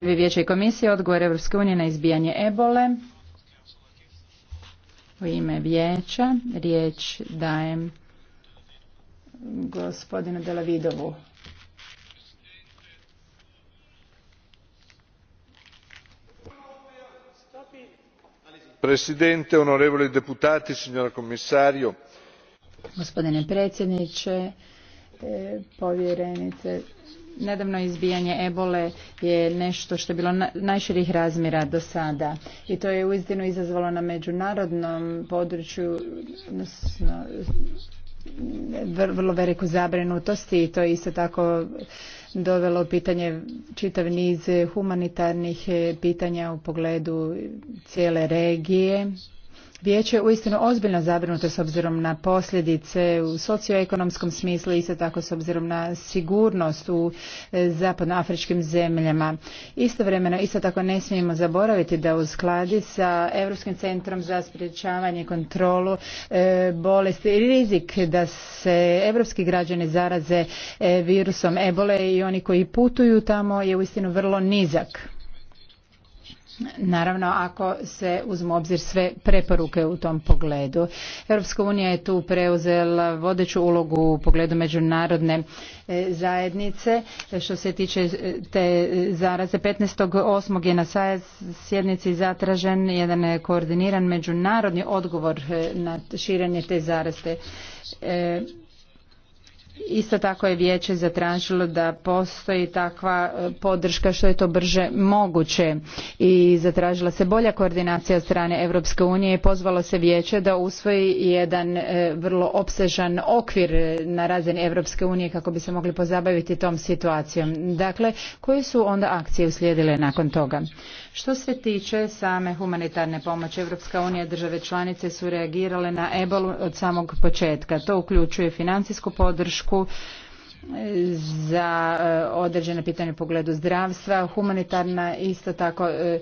vijeće i komisije odgovor Europske unije na izbijanje ebole. U ime vijeća riječ dajem gospodinu Delavidovu. Presidente, onorevoli deputati, signora komisario. Gospodine predsjedniče, eh, povjerenice, nedavno izbijanje ebole je nešto što je bilo najširih razmjera do sada i to je uistinu izazvalo na međunarodnom području odnosno vrlo veliku zabrinutost i to je isto tako dovelo pitanje čitav niz humanitarnih pitanja u pogledu cijele regije Vijeće je uistinu ozbiljno zabrinuto s obzirom na posljedice u socioekonomskom smislu i isto tako s obzirom na sigurnost u e, zapadnoafričkim zemljama. Istovremeno isto tako ne smijemo zaboraviti da u skladi sa Europskim centrom za sprječavanje i kontrolu e, bolesti i rizik da se europski građani zaraze e, virusom ebole i oni koji putuju tamo je uistinu vrlo nizak. Naravno, ako se uzmu obzir sve preporuke u tom pogledu. Europska unija je tu preuzela vodeću ulogu u pogledu međunarodne e, zajednice. Što se tiče e, te zaraze, 15.8. je na sjednici zatražen jedan koordiniran međunarodni odgovor e, na širenje te zaraste. Isto tako je vijeće zatražilo da postoji takva e, podrška što je to brže moguće i zatražila se bolja koordinacija od strane Europske unije i pozvalo se vijeće da usvoji jedan e, vrlo opsežan okvir e, na razini Europske unije kako bi se mogli pozabaviti tom situacijom. Dakle, koje su onda akcije uslijedile nakon toga? Što se tiče same humanitarne pomoći, Evropska unija države članice su reagirale na ebolu od samog početka. To uključuje financijsku podršku, e, za e, određene pitanje u pogledu zdravstva, humanitarna isto tako e,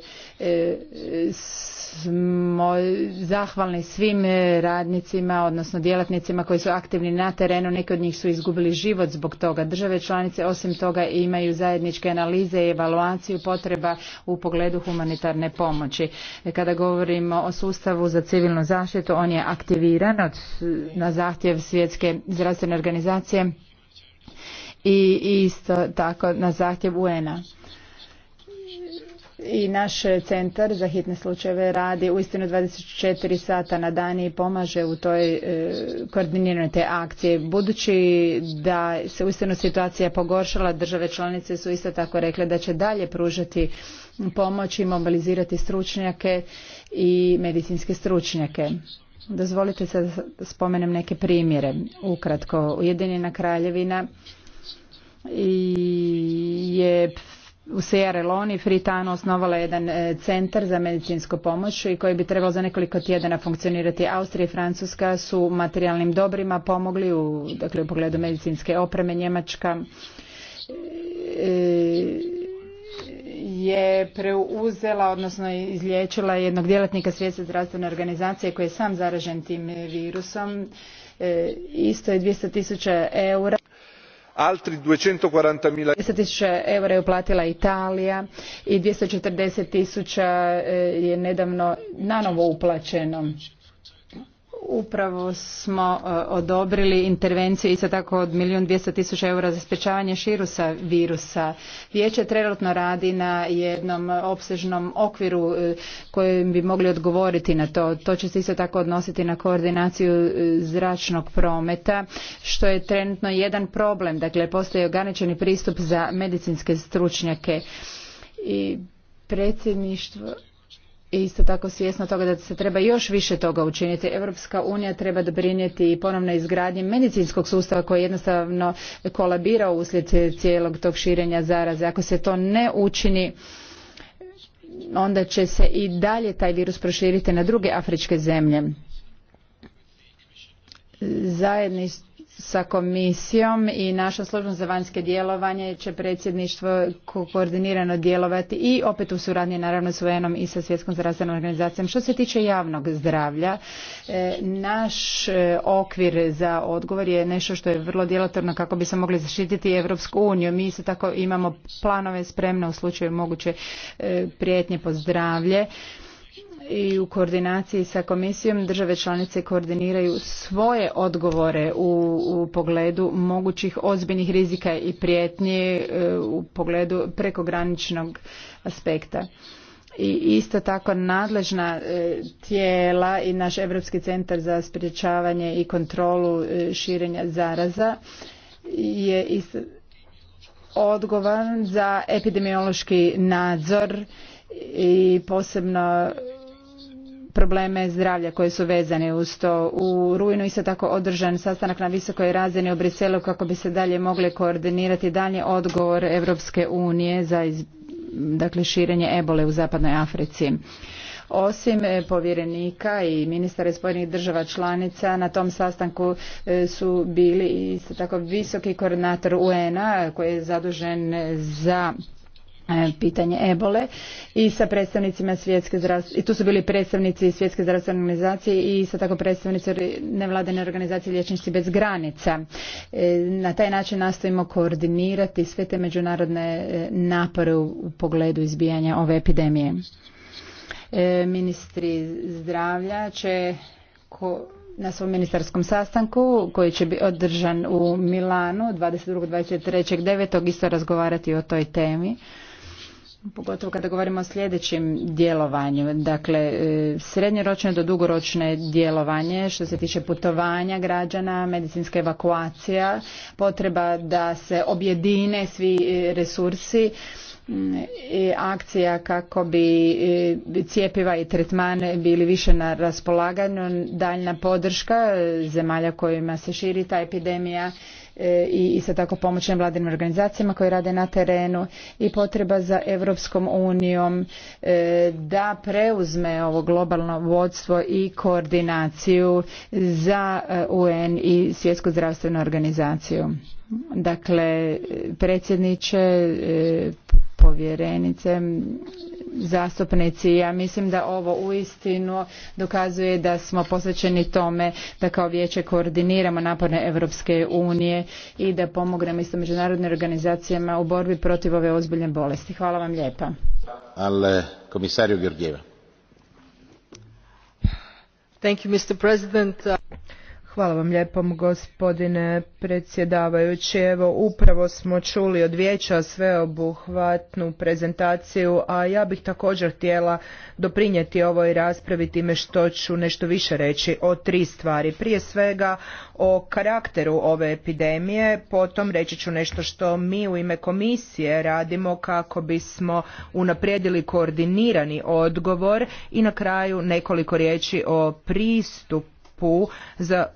smo zahvalni svim radnicima, odnosno djelatnicima koji su aktivni na terenu. Neki od njih su izgubili život zbog toga. Države članice osim toga imaju zajedničke analize i evaluaciju potreba u pogledu humanitarne pomoći. Kada govorimo o sustavu za civilnu zaštitu, on je aktiviran na zahtjev svjetske zdravstvene organizacije i isto tako na zahtjev UN-a i naš centar za hitne slučajeve radi uistinu 24 sata na dan i pomaže u toj e, koordiniranoj te akcije. Budući da se uistinu situacija pogoršala, države članice su isto tako rekle da će dalje pružati pomoć i mobilizirati stručnjake i medicinske stručnjake. Dozvolite se da spomenem neke primjere. Ukratko, Ujedinjena kraljevina i je u Sierra Leone Fritano osnovala jedan e, centar za medicinsku pomoć i koji bi trebalo za nekoliko tjedana funkcionirati. Austrija i Francuska su materijalnim dobrima pomogli u, dakle, u pogledu medicinske opreme. Njemačka e, je preuzela, odnosno izliječila jednog djelatnika svjetske zdravstvene organizacije koji je sam zaražen tim virusom. E, isto je 200 tisuća eura altri duecentoquaranta zero tisuća eura je uplatila italija i dvjesto četrdeset tisuća eh, je nedavno nanovo uplaćeno Upravo smo e, odobrili intervenciju isto tako od milijun dvjesto tisuća eura za sprječavanje širusa virusa. Vijeće trenutno radi na jednom opsežnom okviru e, kojim bi mogli odgovoriti na to. To će se isto tako odnositi na koordinaciju e, zračnog prometa što je trenutno jedan problem. Dakle, postoji ograničeni pristup za medicinske stručnjake i predsjedništvo isto tako svjesna toga da se treba još više toga učiniti. Europska unija treba doprinijeti i ponovno izgradnji medicinskog sustava koji jednostavno kolabira uslijed cijelog tog širenja zaraze. Ako se to ne učini, onda će se i dalje taj virus proširiti na druge afričke zemlje. Zajedni sa komisijom i naša služba za vanjske djelovanje će predsjedništvo koordinirano djelovati i opet u suradnji naravno s UN-om i sa Svjetskom zdravstvenom organizacijom. Što se tiče javnog zdravlja, e, naš e, okvir za odgovor je nešto što je vrlo djelotvorno kako bi se mogli zaštititi Evropsku uniju. Mi isto tako imamo planove spremne u slučaju moguće e, prijetnje po zdravlje i u koordinaciji sa komisijom države članice koordiniraju svoje odgovore u, pogledu mogućih ozbiljnih rizika i prijetnji e, u pogledu prekograničnog aspekta i isto tako nadležna e, tijela i naš europski centar za sprječavanje i kontrolu e, širenja zaraza je odgovoran za epidemiološki nadzor i posebno probleme zdravlja koje su vezane uz to. U rujnu isto tako održan sastanak na visokoj razini u Briselu kako bi se dalje mogli koordinirati dalje odgovor Europske unije za dakle, širenje ebole u zapadnoj Africi. Osim e, povjerenika i ministara spojenih država članica, na tom sastanku e, su bili isto tako visoki koordinator UN-a koji je zadužen za E, pitanje ebole i sa predstavnicima svjetske zdravstvene, i tu su bili predstavnici svjetske zdravstvene organizacije i sa tako predstavnici nevladene organizacije liječnici bez granica. E, na taj način nastojimo koordinirati sve te međunarodne e, napore u pogledu izbijanja ove epidemije. Ministri zdravlja će ko na svom ministarskom sastanku koji će biti održan u Milanu 22. 23. 9. isto razgovarati o toj temi. Pogotovo kada govorimo o sljedećem djelovanju, dakle e, srednjoročno do dugoročne djelovanje što se tiče putovanja građana, medicinska evakuacija, potreba da se objedine svi e, resursi, mm, i akcija kako bi e, cijepiva i tretmane bili više na raspolaganju, daljna podrška zemalja kojima se širi ta epidemija E, i isto tako pomoć nevladinim organizacijama koje rade na terenu i potreba za Europskom unijom e, da preuzme ovo globalno vodstvo i koordinaciju za e, UN i Svjetsku zdravstvenu organizaciju. Dakle, predsjedniče, povjerenice, zastupnici. Ja mislim da ovo uistinu dokazuje da smo posvećeni tome da kao vijeće koordiniramo napore Europske unije i da pomognemo isto međunarodnim organizacijama u borbi protiv ove ozbiljne bolesti. Hvala vam lijepa. Al eh, Thank you, Mr. President. Hvala vam lijepo gospodine predsjedavajući. Evo upravo smo čuli od vijeća sveobuhvatnu prezentaciju, a ja bih također htjela doprinijeti ovoj raspravi time što ću nešto više reći o tri stvari. Prije svega o karakteru ove epidemije, potom reći ću nešto što mi u ime komisije radimo kako bismo unaprijedili koordinirani odgovor i na kraju nekoliko riječi o pristupu pu za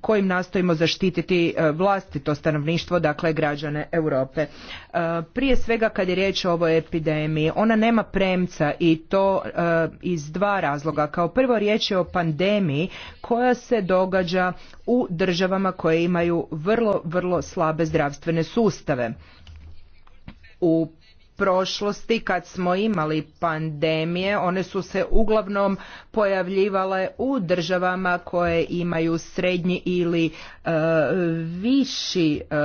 kojim nastojimo zaštititi e, vlastito stanovništvo, dakle građane Europe. E, prije svega kad je riječ o ovoj epidemiji, ona nema premca i to e, iz dva razloga. Kao prvo riječ je o pandemiji koja se događa u državama koje imaju vrlo, vrlo slabe zdravstvene sustave. U prošlosti kad smo imali pandemije one su se uglavnom pojavljivale u državama koje imaju srednji ili e, viši e,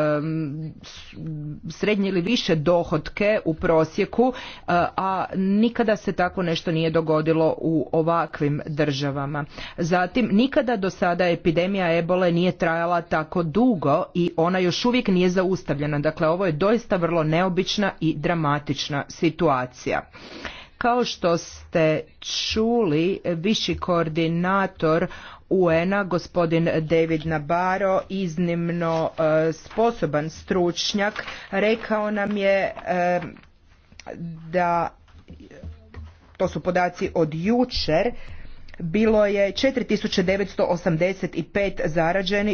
srednji ili više dohotke u prosjeku e, a nikada se tako nešto nije dogodilo u ovakvim državama zatim nikada do sada epidemija ebole nije trajala tako dugo i ona još uvijek nije zaustavljena dakle ovo je doista vrlo neobična i dramatična dramatična situacija. Kao što ste čuli, viši koordinator UN-a, gospodin David Nabaro, iznimno e, sposoban stručnjak, rekao nam je e, da, to su podaci od jučer, bilo je 4985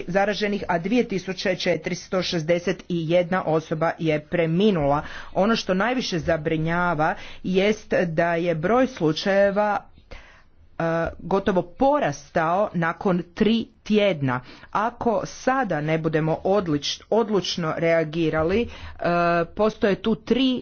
zaraženih, a 2461 osoba je preminula. Ono što najviše zabrinjava jest da je broj slučajeva e, gotovo porastao nakon tri tjedna. Ako sada ne budemo odlučno reagirali, e, postoje tu tri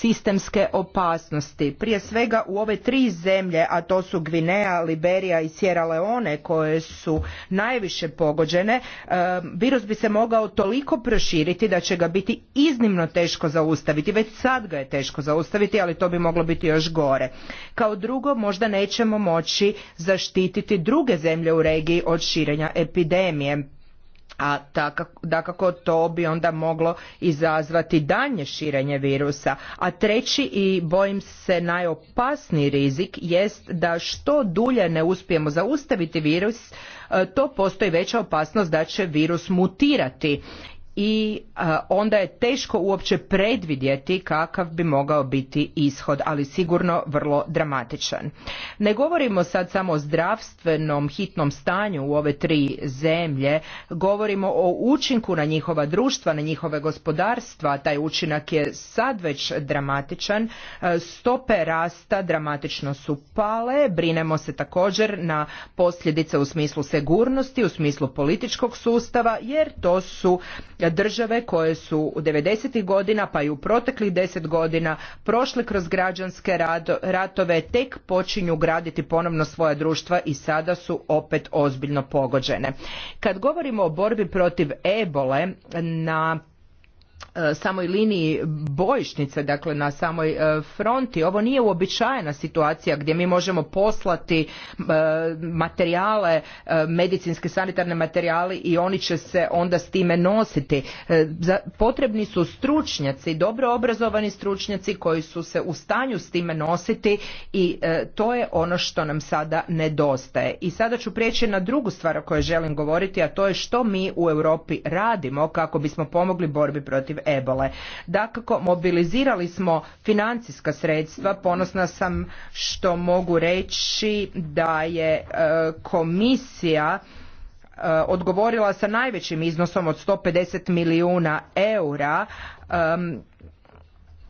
sistemske opasnosti. Prije svega u ove tri zemlje, a to su Gvineja, Liberija i Sierra Leone koje su najviše pogođene, e, virus bi se mogao toliko proširiti da će ga biti iznimno teško zaustaviti. Već sad ga je teško zaustaviti, ali to bi moglo biti još gore. Kao drugo, možda nećemo moći zaštititi druge zemlje u regiji od širenja epidemije a dakako to bi onda moglo izazvati daljnje širenje virusa. A treći i bojim se najopasniji rizik jest da što dulje ne uspijemo zaustaviti virus, e, to postoji veća opasnost da će virus mutirati i onda je teško uopće predvidjeti kakav bi mogao biti ishod, ali sigurno vrlo dramatičan. Ne govorimo sad samo o zdravstvenom hitnom stanju u ove tri zemlje, govorimo o učinku na njihova društva, na njihove gospodarstva, taj učinak je sad već dramatičan, stope rasta dramatično su pale, brinemo se također na posljedice u smislu sigurnosti, u smislu političkog sustava, jer to su države koje su u 90. godina pa i u proteklih 10 godina prošle kroz građanske ratove tek počinju graditi ponovno svoja društva i sada su opet ozbiljno pogođene. Kad govorimo o borbi protiv ebole na E, samoj liniji bojišnice, dakle na samoj e, fronti. Ovo nije uobičajena situacija gdje mi možemo poslati e, materijale, medicinske sanitarne materijale i oni će se onda s time nositi. Potrebni su stručnjaci, dobro obrazovani stručnjaci koji su se u stanju s time nositi i to je ono što nam sada nedostaje. I sada ću prijeći na drugu stvar o kojoj želim govoriti, a to je što mi u Europi radimo kako bismo pomogli borbi protiv ebole. Dakako, mobilizirali smo financijska sredstva, ponosna sam što mogu reći da je e, komisija e, odgovorila sa najvećim iznosom od 150 milijuna eura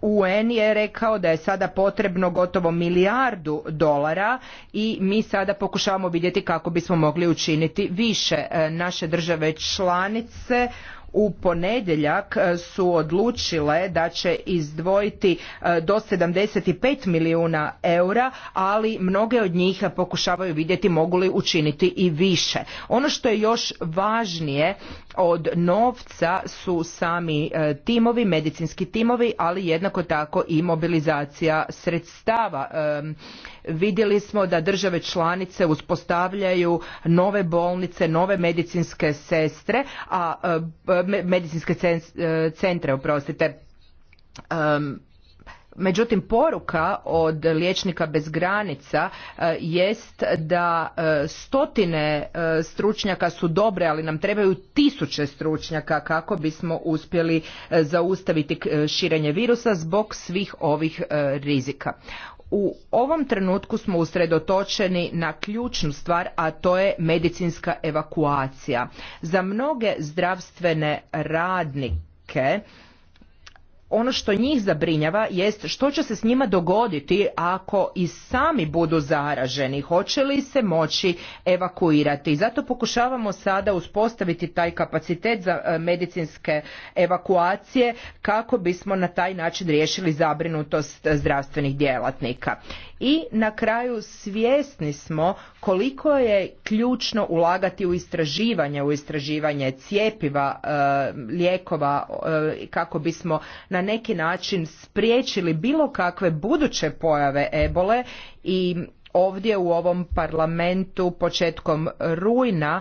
UN je rekao da je sada potrebno gotovo milijardu dolara i mi sada pokušavamo vidjeti kako bismo mogli učiniti više. E, naše države članice u ponedjeljak e, su odlučile da će izdvojiti e, do 75 milijuna eura, ali mnoge od njih pokušavaju vidjeti mogu li učiniti i više. Ono što je još važnije od novca su sami e, timovi, medicinski timovi, ali jednako tako i mobilizacija sredstava. E, vidjeli smo da države članice uspostavljaju nove bolnice, nove medicinske sestre, a e, medicinske centre, oprostite, Međutim, poruka od liječnika bez granica e, jest da e, stotine e, stručnjaka su dobre, ali nam trebaju tisuće stručnjaka kako bismo uspjeli zaustaviti širenje virusa zbog svih ovih rizika. U ovom trenutku smo usredotočeni na ključnu stvar, a to je medicinska evakuacija. Za mnoge zdravstvene radnike ono što njih zabrinjava jest što će se s njima dogoditi ako i sami budu zaraženi, hoće li se moći evakuirati. Zato pokušavamo sada uspostaviti taj kapacitet za e, medicinske evakuacije kako bismo na taj način riješili zabrinutost zdravstvenih djelatnika. I na kraju svjesni smo koliko je ključno ulagati u istraživanje, u istraživanje cijepiva, e, lijekova e, kako bismo na neki način spriječili bilo kakve buduće pojave ebole i ovdje u ovom parlamentu početkom rujna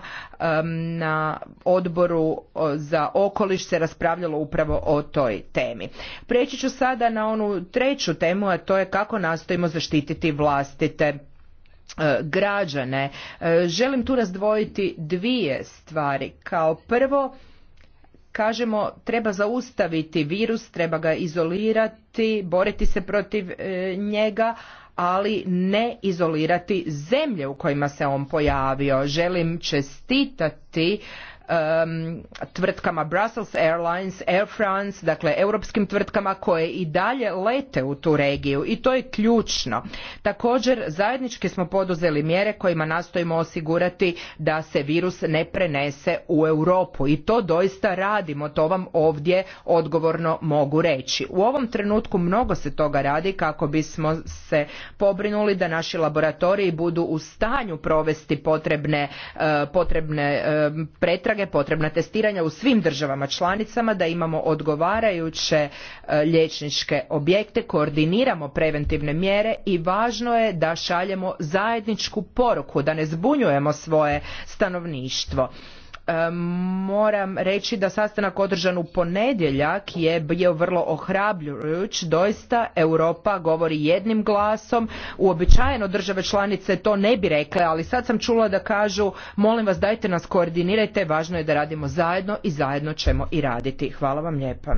na odboru za okoliš se raspravljalo upravo o toj temi. Preći ću sada na onu treću temu, a to je kako nastojimo zaštititi vlastite e, građane. E, želim tu razdvojiti dvije stvari. Kao prvo, kažemo treba zaustaviti virus, treba ga izolirati, boriti se protiv e, njega, ali ne izolirati zemlje u kojima se on pojavio. Želim čestitati um, tvrtkama Brussels Airlines, Air France, dakle europskim tvrtkama koje i dalje lete u tu regiju i to je ključno. Također zajednički smo poduzeli mjere kojima nastojimo osigurati da se virus ne prenese u Europu i to doista radimo, to vam ovdje odgovorno mogu reći. U ovom trenutku mnogo se toga radi kako bismo se pobrinuli da naši laboratoriji budu u stanju provesti potrebne, uh, potrebne um, pretrage potrebna testiranja u svim državama članicama, da imamo odgovarajuće e, liječničke objekte, koordiniramo preventivne mjere i važno je da šaljemo zajedničku poruku, da ne zbunjujemo svoje stanovništvo. E, moram reći da sastanak održan u ponedjeljak je bio vrlo ohrabrujuć. Doista Europa govori jednim glasom. Uobičajeno države članice to ne bi rekle, ali sad sam čula da kažu molim vas dajte nas koordinirajte, važno je da radimo zajedno i zajedno ćemo i raditi. Hvala vam lijepa.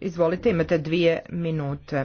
Izvolite, imate dvije minute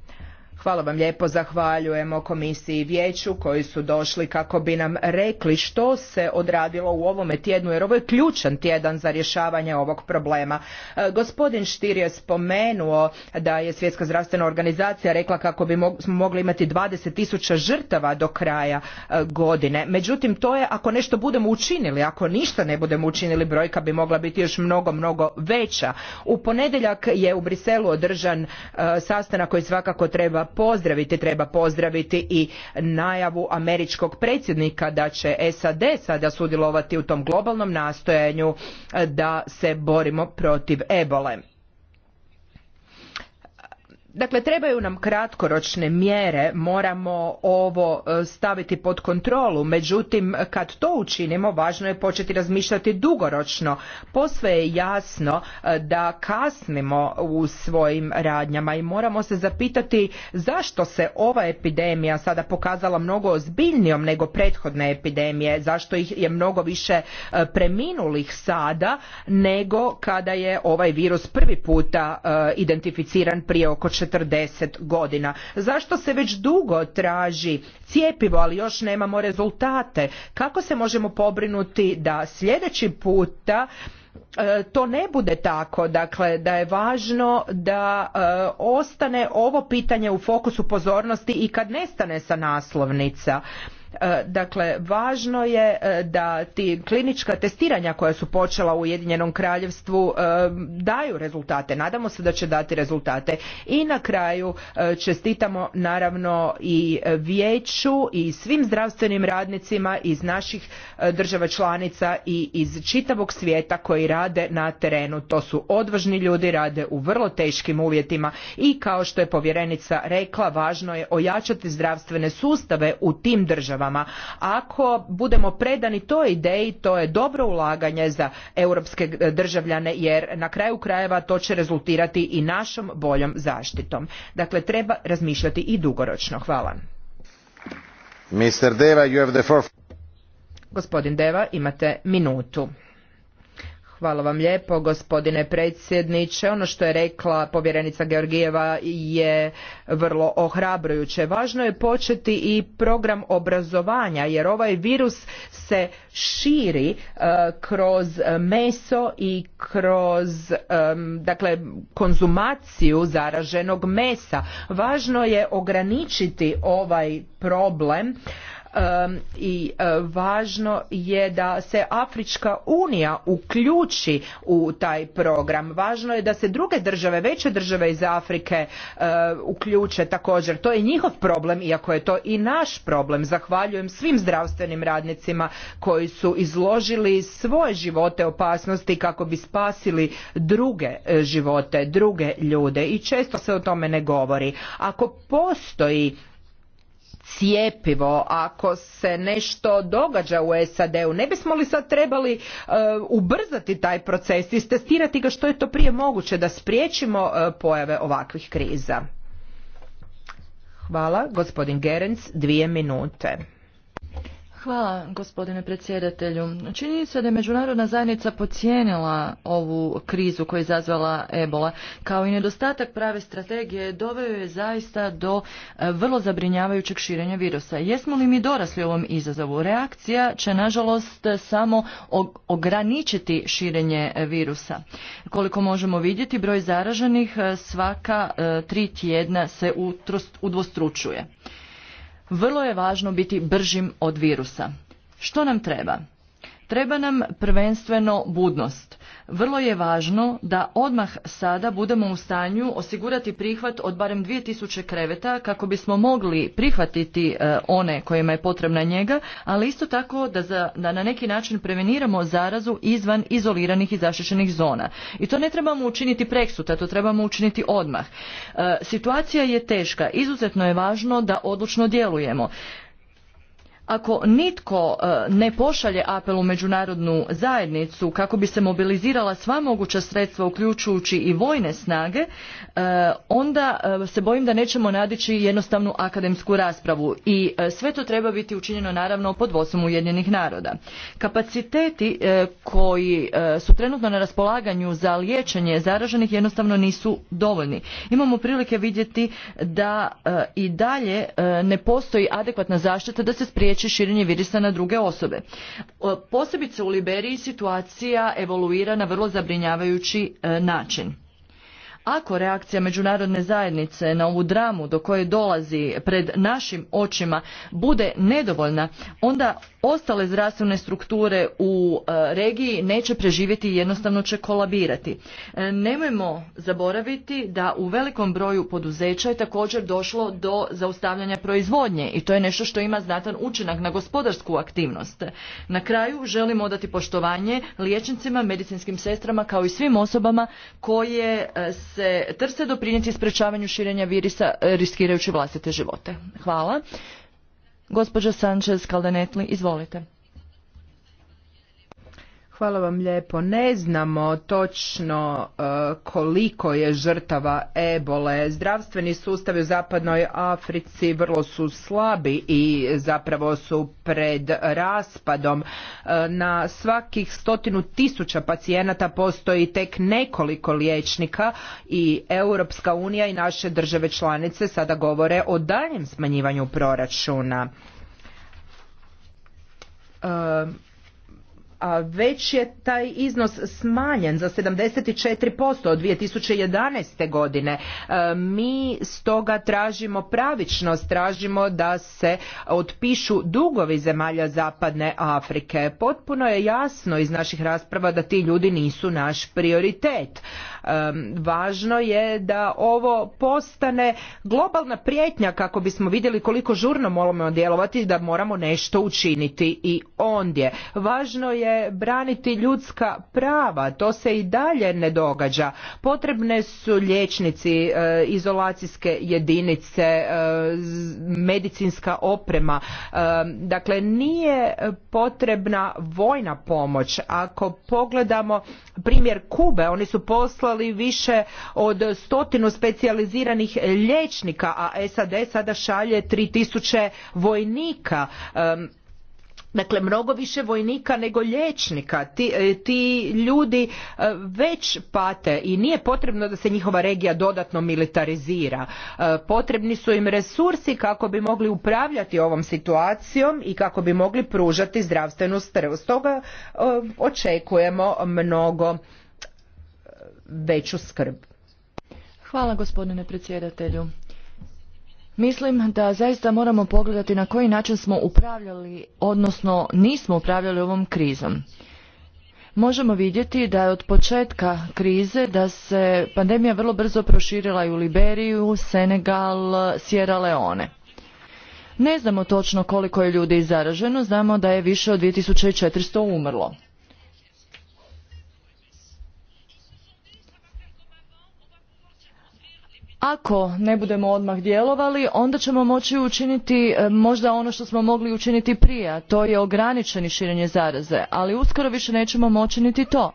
Hvala vam lijepo, zahvaljujemo komisiji i vijeću koji su došli kako bi nam rekli što se odradilo u ovome tjednu jer ovo je ključan tjedan za rješavanje ovog problema. E, gospodin Štir je spomenuo da je Svjetska zdravstvena organizacija rekla kako bi mogli imati 20.000 tisuća žrtava do kraja e, godine. Međutim, to je ako nešto budemo učinili, ako ništa ne budemo učinili, brojka bi mogla biti još mnogo, mnogo veća. U ponedjeljak je u Briselu održan e, sastanak koji svakako treba pozdraviti. Treba pozdraviti i najavu američkog predsjednika da će SAD sada sudjelovati u tom globalnom nastojanju e, da se borimo protiv ebole. Dakle, trebaju nam kratkoročne mjere, moramo ovo e, staviti pod kontrolu, međutim kad to učinimo važno je početi razmišljati dugoročno. Posve je jasno e, da kasnimo u svojim radnjama i moramo se zapitati zašto se ova epidemija sada pokazala mnogo ozbiljnijom nego prethodne epidemije, zašto ih je mnogo više e, preminulih sada nego kada je ovaj virus prvi puta identificiran prije oko 40 godina. Zašto se već dugo traži cijepivo, ali još nemamo rezultate? Kako se možemo pobrinuti da sljedeći puta e, to ne bude tako, dakle da je važno da e, ostane ovo pitanje u fokusu pozornosti i kad nestane sa naslovnica. E, dakle, važno je e, da ti klinička testiranja koja su počela u Ujedinjenom kraljevstvu e, daju rezultate. Nadamo se da će dati rezultate. I na kraju čestitamo naravno i vijeću i svim zdravstvenim radnicima iz naših država članica i iz čitavog svijeta koji rade na terenu. To su odvažni ljudi, rade u vrlo teškim uvjetima i kao što je povjerenica rekla, važno je ojačati zdravstvene sustave u tim državama ako budemo predani toj ideji, to je dobro ulaganje za europske državljane jer na kraju krajeva to će rezultirati i našom boljom zaštitom. Dakle, treba razmišljati i dugoročno. Hvala. Gospodin Deva, imate minutu. Hvala vam lijepo, gospodine predsjedniče. Ono što je rekla povjerenica Georgijeva je vrlo ohrabrujuće. Važno je početi i program obrazovanja, jer ovaj virus se širi e, kroz meso i kroz e, dakle, konzumaciju zaraženog mesa. Važno je ograničiti ovaj problem i e, važno je da se Afrička unija uključi u taj program. Važno je da se druge države, veće države iz Afrike e, uključe također. To je njihov problem, iako je to i naš problem. Zahvaljujem svim zdravstvenim radnicima koji su izložili svoje živote opasnosti kako bi spasili druge e, živote, druge ljude i često se o tome ne govori. Ako postoji cijepivo, ako se nešto događa u SAD-u, ne bismo li sad trebali e, ubrzati taj proces, istestirati ga što je to prije moguće da spriječimo e, pojave ovakvih kriza? Hvala, gospodin Gerenc, dvije minute. Hvala gospodine predsjedatelju. Čini se da je međunarodna zajednica pocijenila ovu krizu koju je izazvala ebola. Kao i nedostatak prave strategije doveo je zaista do e, vrlo zabrinjavajućeg širenja virusa. Jesmo li mi dorasli ovom izazovu? Reakcija će nažalost samo ograničiti širenje e, virusa. Koliko možemo vidjeti, broj zaraženih e, svaka tri tjedna se udvostručuje. Vrlo je važno biti bržim od virusa. Što nam treba? Treba nam prvenstveno budnost vrlo je važno da odmah sada budemo u stanju osigurati prihvat od barem 2000 kreveta kako bismo mogli prihvatiti e, one kojima je potrebna njega, ali isto tako da, da na neki način preveniramo zarazu izvan izoliranih i zaštićenih zona. I to ne trebamo učiniti preksuta, to trebamo učiniti odmah. E, situacija je teška, izuzetno je važno da odlučno djelujemo ako nitko e, ne pošalje apel u međunarodnu zajednicu kako bi se mobilizirala sva moguća sredstva uključujući i vojne snage e, onda e, se bojim da nećemo nadići jednostavnu akademsku raspravu i sve to treba biti učinjeno naravno pod vodstvom ujedinjenih naroda kapaciteti koji su trenutno na raspolaganju za liječenje zaraženih jednostavno nisu dovoljni imamo prilike vidjeti da i dalje ne postoji adekvatna zaštita da se spriječi spriječi širenje virusa na druge osobe. E, posebice u Liberiji situacija evoluira na vrlo zabrinjavajući e, način. Ako reakcija međunarodne zajednice na ovu dramu do koje dolazi pred našim očima bude nedovoljna, onda ostale zdravstvene strukture u e, regiji neće preživjeti i jednostavno će kolabirati. E, nemojmo zaboraviti da u velikom broju poduzeća je također došlo do zaustavljanja proizvodnje i to je nešto što ima znatan učinak na gospodarsku aktivnost. Na kraju želimo odati poštovanje liječnicima, medicinskim sestrama kao i svim osobama koje e, se trse doprinijeti sprečavanju širenja virisa e, riskirajući vlastite živote. Hvala. Gospođa Sanchez Caldenetli, izvolite. Hvala vam lijepo. Ne znamo točno e, koliko je žrtava ebole. Zdravstveni sustavi u zapadnoj Africi vrlo su slabi i zapravo su pred raspadom. E, na svakih stotinu tisuća pacijenata postoji tek nekoliko liječnika i Europska unija i naše države članice sada govore o daljem smanjivanju proračuna. E, a već je taj iznos smanjen za 74% od 2011. godine. E, mi stoga tražimo pravičnost, tražimo da se otpišu dugovi zemalja Zapadne Afrike. Potpuno je jasno iz naših rasprava da ti ljudi nisu naš prioritet. Važno je da ovo postane globalna prijetnja kako bismo vidjeli koliko žurno moramo djelovati da moramo nešto učiniti i ondje. Važno je braniti ljudska prava, to se i dalje ne događa. Potrebne su liječnici, e, izolacijske jedinice, e, medicinska oprema. E, dakle, nije potrebna vojna pomoć. Ako pogledamo primjer Kube, oni su poslali poslali više od stotinu specijaliziranih liječnika, a SAD sada šalje 3000 vojnika. Dakle, mnogo više vojnika nego liječnika. Ti, e, ljudi e, već pate i nije potrebno da se njihova regija dodatno militarizira. E, potrebni su im resursi kako bi mogli upravljati ovom situacijom i kako bi mogli pružati zdravstvenu strvu Stoga očekujemo mnogo veću skrb. Hvala gospodine predsjedatelju. Mislim da zaista moramo pogledati na koji način smo upravljali, odnosno nismo upravljali ovom krizom. Možemo vidjeti da je od početka krize da se pandemija vrlo brzo proširila i u Liberiju, Senegal, Sierra Leone. Ne znamo točno koliko je ljudi zaraženo, znamo da je više od 2400 umrlo. Ako ne budemo odmah djelovali, onda ćemo moći učiniti e, možda ono što smo mogli učiniti prije, a to je ograničeni širenje zaraze, ali uskoro više nećemo moći niti to.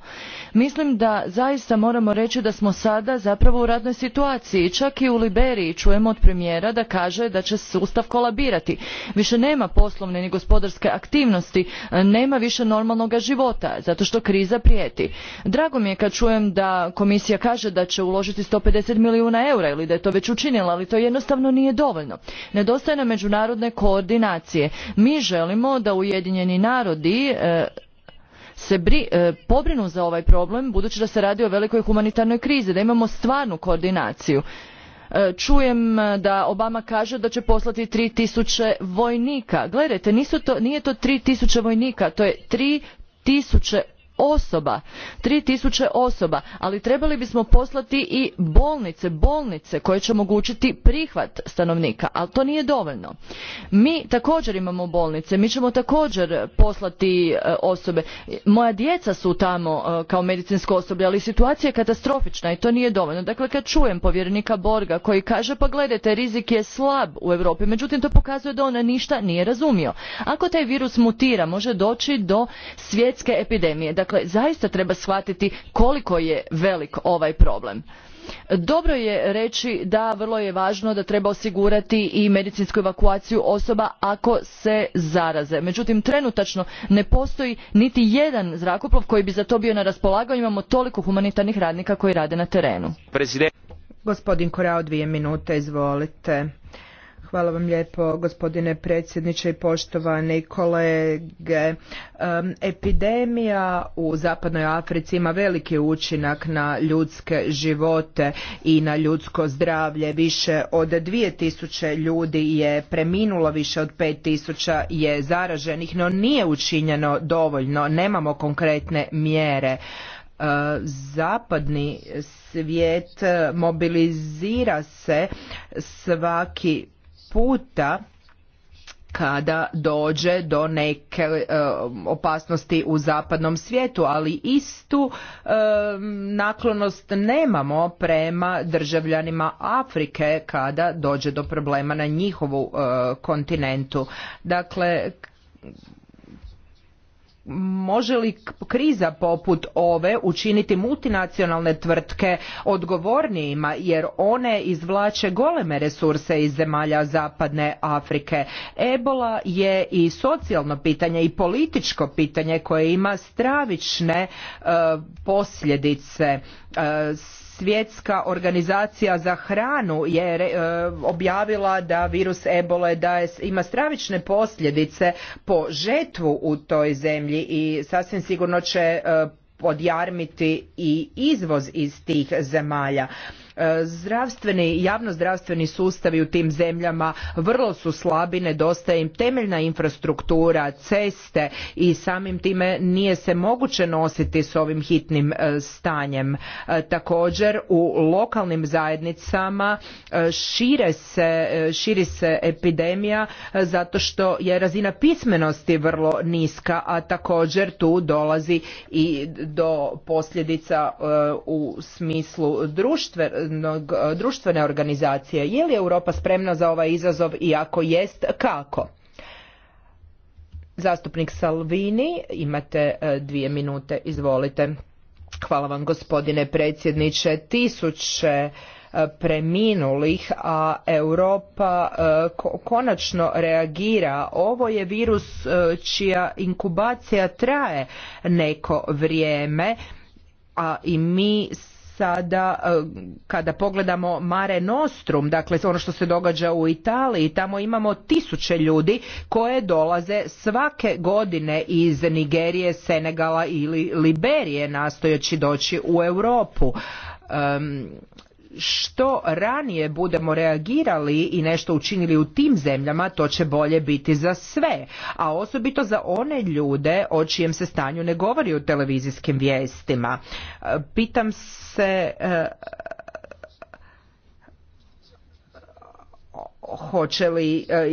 Mislim da zaista moramo reći da smo sada zapravo u radnoj situaciji. Čak i u Liberiji čujemo od premijera da kaže da će sustav kolabirati. Više nema poslovne ni gospodarske aktivnosti, e, nema više normalnog života, zato što kriza prijeti. Drago mi je kad čujem da komisija kaže da će uložiti 150 milijuna eura ili da je to već učinila, ali to jednostavno nije dovoljno. Nedostaje nam međunarodne koordinacije. Mi želimo da Ujedinjeni narodi e, se e, pobrinu za ovaj problem budući da se radi o velikoj humanitarnoj krizi da imamo stvarnu koordinaciju e, čujem da obama kaže da će poslati tri vojnika gledajte nisu to, nije to tri vojnika to je tri osoba, 3000 osoba, ali trebali bismo poslati i bolnice, bolnice koje će omogućiti prihvat stanovnika, ali to nije dovoljno. Mi također imamo bolnice, mi ćemo također poslati e, osobe. Moja djeca su tamo e, kao medicinsko osoblje, ali situacija je katastrofična i to nije dovoljno. Dakle, kad čujem povjerenika Borga koji kaže pa gledajte, rizik je slab u Europi, međutim to pokazuje da ona ništa nije razumio. Ako taj virus mutira, može doći do svjetske epidemije. Dakle, Dakle, zaista treba shvatiti koliko je velik ovaj problem. Dobro je reći da vrlo je važno da treba osigurati i medicinsku evakuaciju osoba ako se zaraze. Međutim, trenutačno ne postoji niti jedan zrakoplov koji bi za to bio na raspolaganju. Imamo toliko humanitarnih radnika koji rade na terenu. Gospodin koreo dvije minute, izvolite. Hvala vam lijepo gospodine predsjedniče i poštovani kolege. Epidemija u Zapadnoj Africi ima veliki učinak na ljudske živote i na ljudsko zdravlje. Više od 2000 ljudi je preminulo, više od 5000 je zaraženih, no nije učinjeno dovoljno, nemamo konkretne mjere zapadni svijet mobilizira se svaki puta kada dođe do neke e, opasnosti u zapadnom svijetu ali istu e, naklonost nemamo prema državljanima Afrike kada dođe do problema na njihovu e, kontinentu dakle može li kriza poput ove učiniti multinacionalne tvrtke odgovornijima jer one izvlače goleme resurse iz zemalja zapadne Afrike. Ebola je i socijalno pitanje i političko pitanje koje ima stravične e, posljedice. E, svjetska organizacija za hranu je e, objavila da virus ebole da je, ima stravične posljedice po žetvu u toj zemlji i sasvim sigurno će e, podjarmiti i izvoz iz tih zemalja E, zdravstveni, javnozdravstveni sustavi u tim zemljama vrlo su slabi, nedostaje im temeljna infrastruktura, ceste i samim time nije se moguće nositi s ovim hitnim e, stanjem. E, također u lokalnim zajednicama šire se, širi se epidemija zato što je razina pismenosti vrlo niska, a također tu dolazi i do posljedica u smislu društve, E, društvene organizacije. Je li Europa spremna za ovaj izazov i ako jest, kako? Zastupnik Salvini, imate e, dvije minute, izvolite. Hvala vam gospodine predsjedniče. Tisuće e, preminulih, a Europa konačno reagira. Ovo je virus čija inkubacija traje neko vrijeme, a i mi sada e, kada pogledamo Mare Nostrum, dakle ono što se događa u Italiji, tamo imamo tisuće ljudi koje dolaze svake godine iz Nigerije, Senegala ili Liberije nastojeći doći u Europu što ranije budemo reagirali i nešto učinili u tim zemljama, to će bolje biti za sve, a osobito za one ljude o čijem se stanju ne govori u televizijskim vijestima. E, pitam se e, hoće li, e,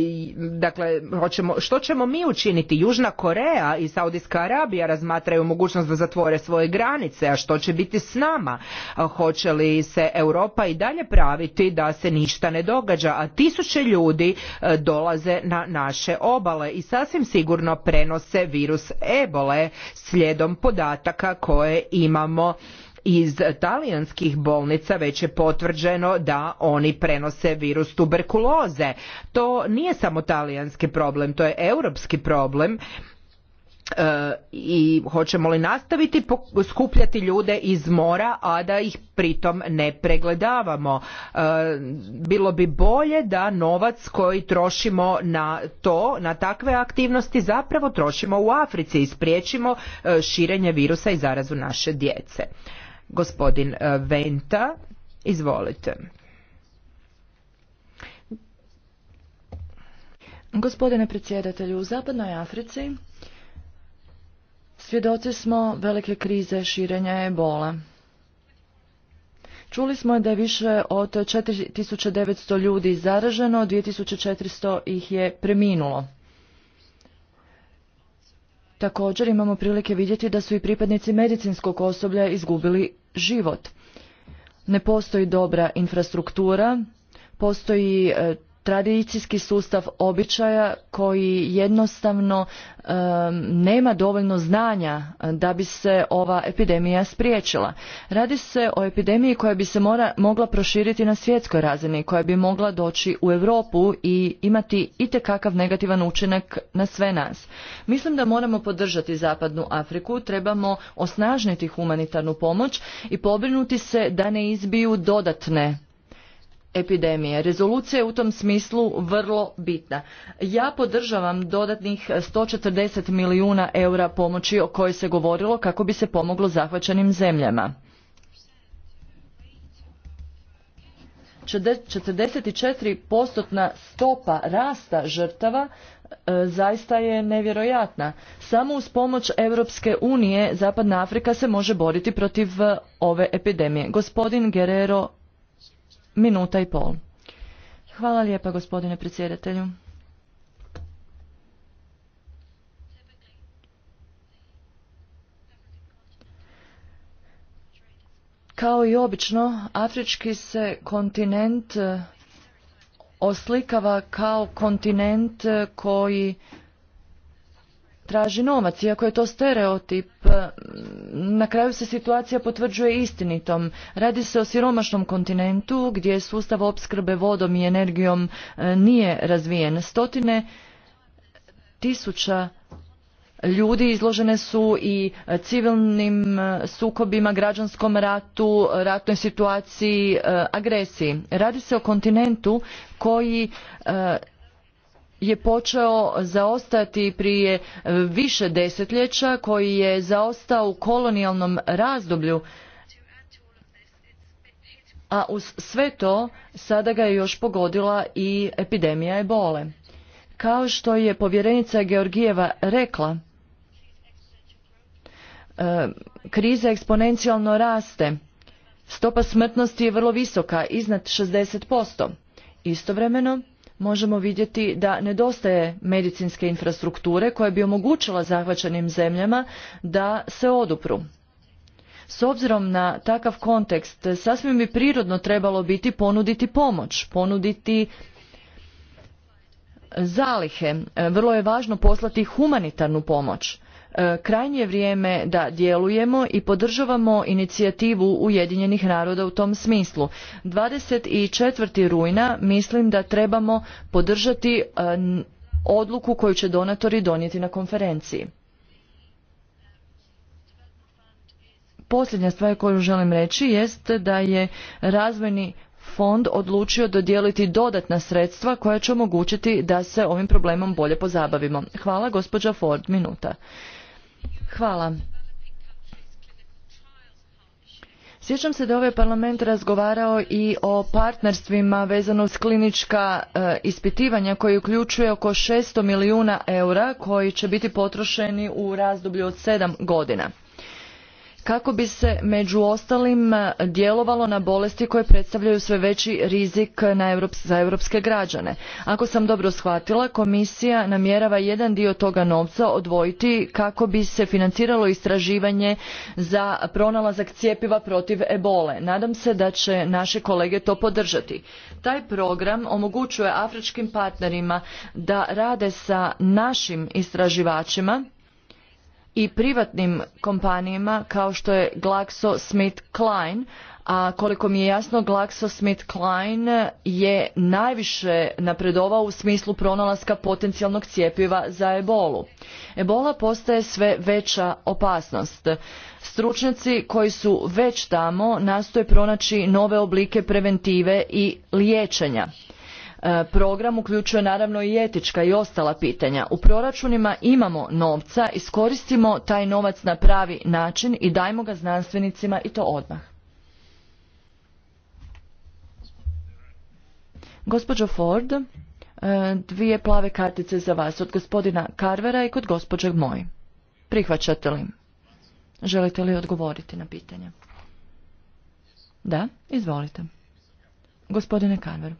dakle, hoćemo, što ćemo mi učiniti? Južna Koreja i Saudijska Arabija razmatraju mogućnost da zatvore svoje granice, a što će biti s nama? E, hoće li se Europa i dalje praviti da se ništa ne događa, a tisuće ljudi e, dolaze na naše obale i sasvim sigurno prenose virus ebole slijedom podataka koje imamo iz talijanskih bolnica već je potvrđeno da oni prenose virus tuberkuloze. To nije samo talijanski problem, to je europski problem e, i hoćemo li nastaviti skupljati ljude iz mora a da ih pritom ne pregledavamo e, bilo bi bolje da novac koji trošimo na to na takve aktivnosti zapravo trošimo u Africi i spriječimo e, širenje virusa i zarazu naše djece Gospodin e, Venta, izvolite. Gospodine predsjedatelju, u Zapadnoj Africi svjedoci smo velike krize širenja ebola. Čuli smo da je više od 4900 ljudi zaraženo, 2400 ih je preminulo. Također imamo prilike vidjeti da su i pripadnici medicinskog osoblja izgubili život. Ne postoji dobra infrastruktura, postoji e, tradicijski sustav običaja koji jednostavno nema dovoljno znanja eh, da bi se ova epidemija spriječila. Radi se o epidemiji koja bi se mora, mogla proširiti na svjetskoj razini, koja bi mogla doći u Europu i imati itekakav negativan učinak na sve nas. Mislim da moramo podržati Zapadnu Afriku, trebamo osnažniti humanitarnu pomoć i pobrinuti se da ne izbiju dodatne epidemije. Rezolucija je u tom smislu vrlo bitna. Ja podržavam dodatnih 140 milijuna eura pomoći o kojoj se govorilo kako bi se pomoglo zahvaćenim zemljama. 44-postotna stopa rasta žrtava e, zaista je nevjerojatna. Samo uz pomoć Europske unije Zapadna Afrika se može boriti protiv e, ove epidemije. Gospodin Guerrero minuta i pol. Hvala lijepa gospodine predsjedatelju. Kao i obično, afrički se kontinent e, oslikava kao kontinent e, koji traži novac. Iako je to stereotip, e, na kraju se situacija potvrđuje istinitom. Radi se o siromašnom kontinentu gdje sustav opskrbe vodom i energijom e, nije razvijen. Stotine tisuća ljudi izložene su i e, civilnim sukobima, građanskom ratu, ratnoj situaciji, agresiji. Radi se o kontinentu koji je počeo zaostajati prije e, više desetljeća koji je zaostao u kolonijalnom razdoblju a uz sve to sada ga je još pogodila i epidemija ebole. Kao što je povjerenica Georgijeva rekla, e, kriza eksponencijalno raste, stopa smrtnosti je vrlo visoka, iznad 60%. Istovremeno, možemo vidjeti da nedostaje medicinske infrastrukture koja bi omogućila zahvaćenim zemljama da se odupru. S obzirom na takav kontekst, sasvim bi prirodno trebalo biti ponuditi pomoć, ponuditi zalihe. Vrlo je važno poslati humanitarnu pomoć. E, krajnje vrijeme da djelujemo i podržavamo inicijativu Ujedinjenih naroda u tom smislu. 24. rujna mislim da trebamo podržati e, odluku koju će donatori donijeti na konferenciji. Posljednja stvar koju želim reći jest da je razvojni fond odlučio dodijeliti dodatna sredstva koja će omogućiti da se ovim problemom bolje pozabavimo. Hvala gospođa Ford, minuta. Hvala. Sjećam se da ovaj parlament razgovarao i o partnerstvima vezano s klinička e, ispitivanja koji uključuje oko 600 milijuna eura koji će biti potrošeni u razdoblju od 7 godina kako bi se među ostalim e, djelovalo na bolesti koje predstavljaju sve veći rizik za europske građane. Ako sam dobro shvatila, komisija namjerava jedan dio toga novca odvojiti kako bi se financiralo istraživanje za pronalazak cjepiva protiv ebole. Nadam se da će naše kolege to podržati. Taj program omogućuje afričkim partnerima da rade sa našim istraživačima i privatnim kompanijama kao što je GlaxoSmithKline, a koliko mi je jasno GlaxoSmithKline je najviše napredovao u smislu pronalaska potencijalnog cjepiva za ebolu. Ebola postaje sve veća opasnost. Stručnjaci koji su već tamo nastoje pronaći nove oblike preventive i liječenja. E, program uključuje naravno i etička i ostala pitanja. U proračunima imamo novca, iskoristimo taj novac na pravi način i dajmo ga znanstvenicima i to odmah. Gospođo Ford, e, dvije plave kartice za vas od gospodina Carvera i kod gospođe Moj. Prihvaćate li? Želite li odgovoriti na pitanja? Da, izvolite. Gospodine Carveru.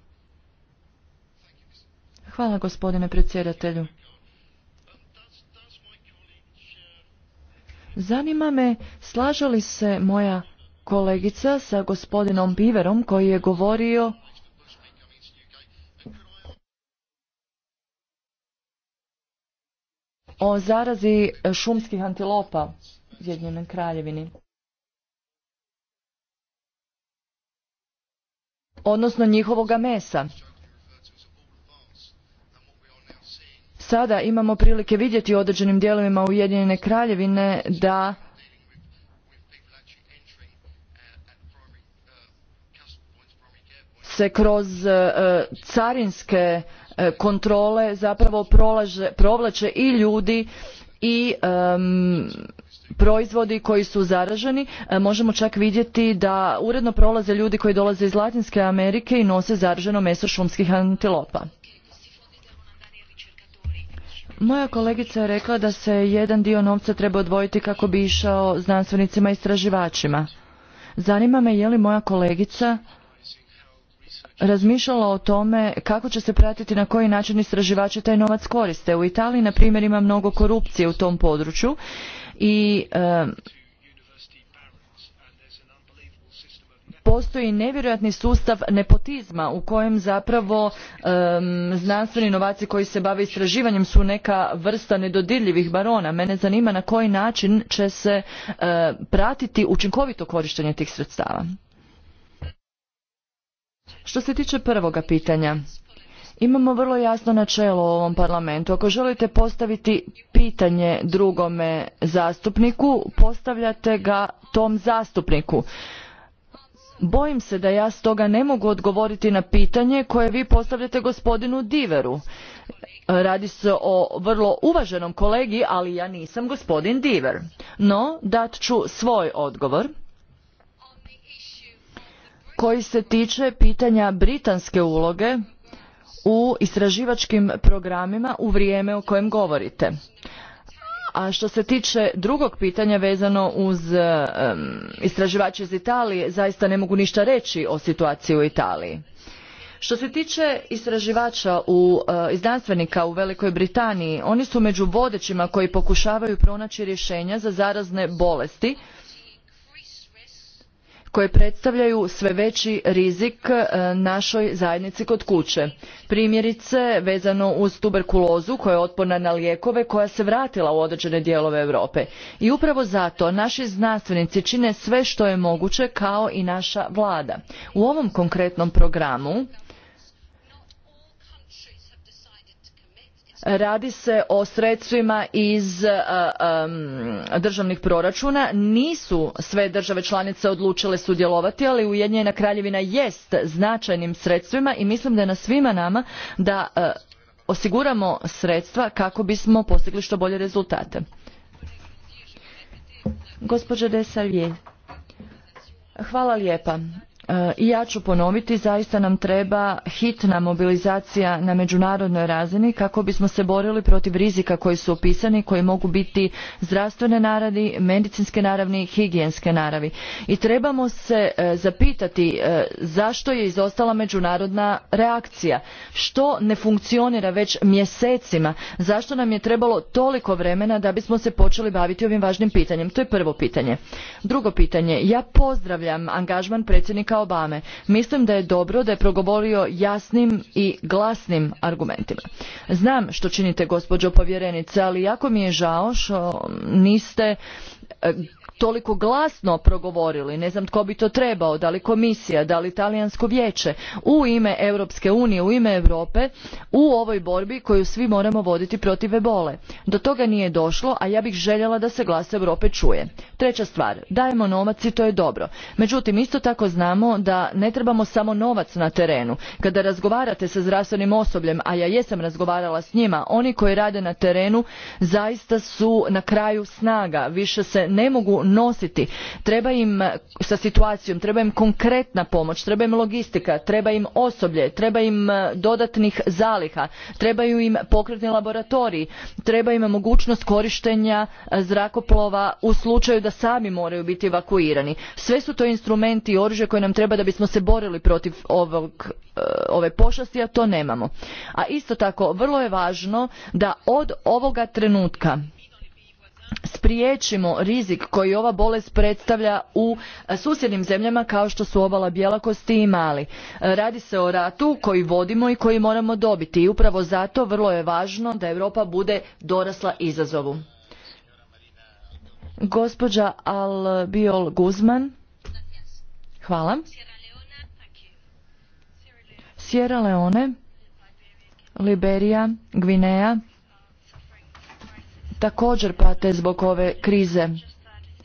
Hvala gospodine predsjedatelju. Zanima me, slaže li se moja kolegica sa gospodinom Biverom koji je govorio o zarazi šumskih antilopa u kraljevini. Odnosno njihovoga mesa. sada imamo prilike vidjeti u određenim dijelovima Ujedinjene kraljevine da se kroz e, carinske e, kontrole zapravo provlače i ljudi i proizvodi koji su zaraženi e, možemo čak vidjeti da uredno prolaze ljudi koji dolaze iz latinske amerike i nose zaraženo meso šumskih antilopa moja kolegica je rekla da se jedan dio novca treba odvojiti kako bi išao znanstvenicima i istraživačima. Zanima me je li moja kolegica razmišljala o tome kako će se pratiti na koji način istraživači taj novac koriste. U Italiji, na primjer, ima mnogo korupcije u tom području i postoji nevjerojatni sustav nepotizma u kojem zapravo znanstveni novaci koji se bave istraživanjem su neka vrsta nedodirljivih barona. Mene zanima na koji način će se eh, pratiti učinkovito korištenje tih sredstava. Što se tiče prvoga pitanja, Imamo vrlo jasno načelo u ovom parlamentu. Ako želite postaviti pitanje drugome zastupniku, postavljate ga tom zastupniku. Bojim se da ja stoga ne mogu odgovoriti na pitanje koje vi postavljate gospodinu Diveru. Radi se o vrlo uvaženom kolegi, ali ja nisam gospodin Diver. No, dat ću svoj odgovor koji se tiče pitanja britanske uloge u istraživačkim programima u vrijeme o kojem govorite. A što se tiče drugog pitanja vezano uz istraživače iz Italije, zaista ne mogu ništa reći o situaciji u Italiji. Što se tiče istraživača u, e, i znanstvenika u Velikoj Britaniji, oni su među vodećima koji pokušavaju pronaći rješenja za zarazne bolesti koje predstavljaju sve veći rizik e, našoj zajednici kod kuće. Primjerice vezano uz tuberkulozu koja je otporna na lijekove koja se vratila u određene dijelove Europe. I upravo zato naši znanstvenici čine sve što je moguće kao i naša vlada. U ovom konkretnom programu Radi se o sredstvima iz e, e, državnih proračuna. Nisu sve države članice odlučile sudjelovati, ali Ujedinjena kraljevina jest značajnim sredstvima i mislim da je na svima nama da e, osiguramo sredstva kako bismo postigli što bolje rezultate. Gospođa hvala lijepa. E, I ja ću ponoviti, zaista nam treba hitna mobilizacija na međunarodnoj razini kako bismo se borili protiv rizika koji su opisani, koji mogu biti zdravstvene naravi, medicinske naravni, higijenske naravi. I trebamo se e, zapitati e, zašto je izostala međunarodna reakcija, što ne funkcionira već mjesecima, zašto nam je trebalo toliko vremena da bismo se počeli baviti ovim važnim pitanjem. To je prvo pitanje. Drugo pitanje, ja pozdravljam angažman predsjednika predsjednika Obame. Mislim da je dobro da je progovorio jasnim i glasnim argumentima. Znam što činite gospođo povjerenice, ali jako mi je žao što niste e, toliko glasno progovorili, ne znam tko bi to trebao, da li komisija, da li talijansko vijeće, u ime Europske unije, u ime Europe, u ovoj borbi koju svi moramo voditi protiv ebole. Do toga nije došlo, a ja bih željela da se glas Europe čuje. Treća stvar, dajemo novac i to je dobro. Međutim, isto tako znamo da ne trebamo samo novac na terenu. Kada razgovarate sa zdravstvenim osobljem, a ja jesam razgovarala s njima, oni koji rade na terenu zaista su na kraju snaga, više se ne mogu nositi. Treba im sa situacijom, treba im konkretna pomoć, treba im logistika, treba im osoblje, treba im e, dodatnih zaliha, trebaju im pokretni laboratoriji, treba im mogućnost korištenja e, zrakoplova u slučaju da sami moraju biti evakuirani. Sve su to instrumenti i oruje koje nam treba da bismo se borili protiv e, ove pošasti, a to nemamo. A isto tako, vrlo je važno da od ovoga trenutka spriječimo rizik koji ova bolest predstavlja u e, susjednim zemljama kao što su obala bjelakosti i mali. E, radi se o ratu koji vodimo i koji moramo dobiti i upravo zato vrlo je važno da Europa bude dorasla izazovu. Gospođa Albiol Guzman. Hvala. Sierra Leone, Liberija, Gvineja, također pate zbog ove krize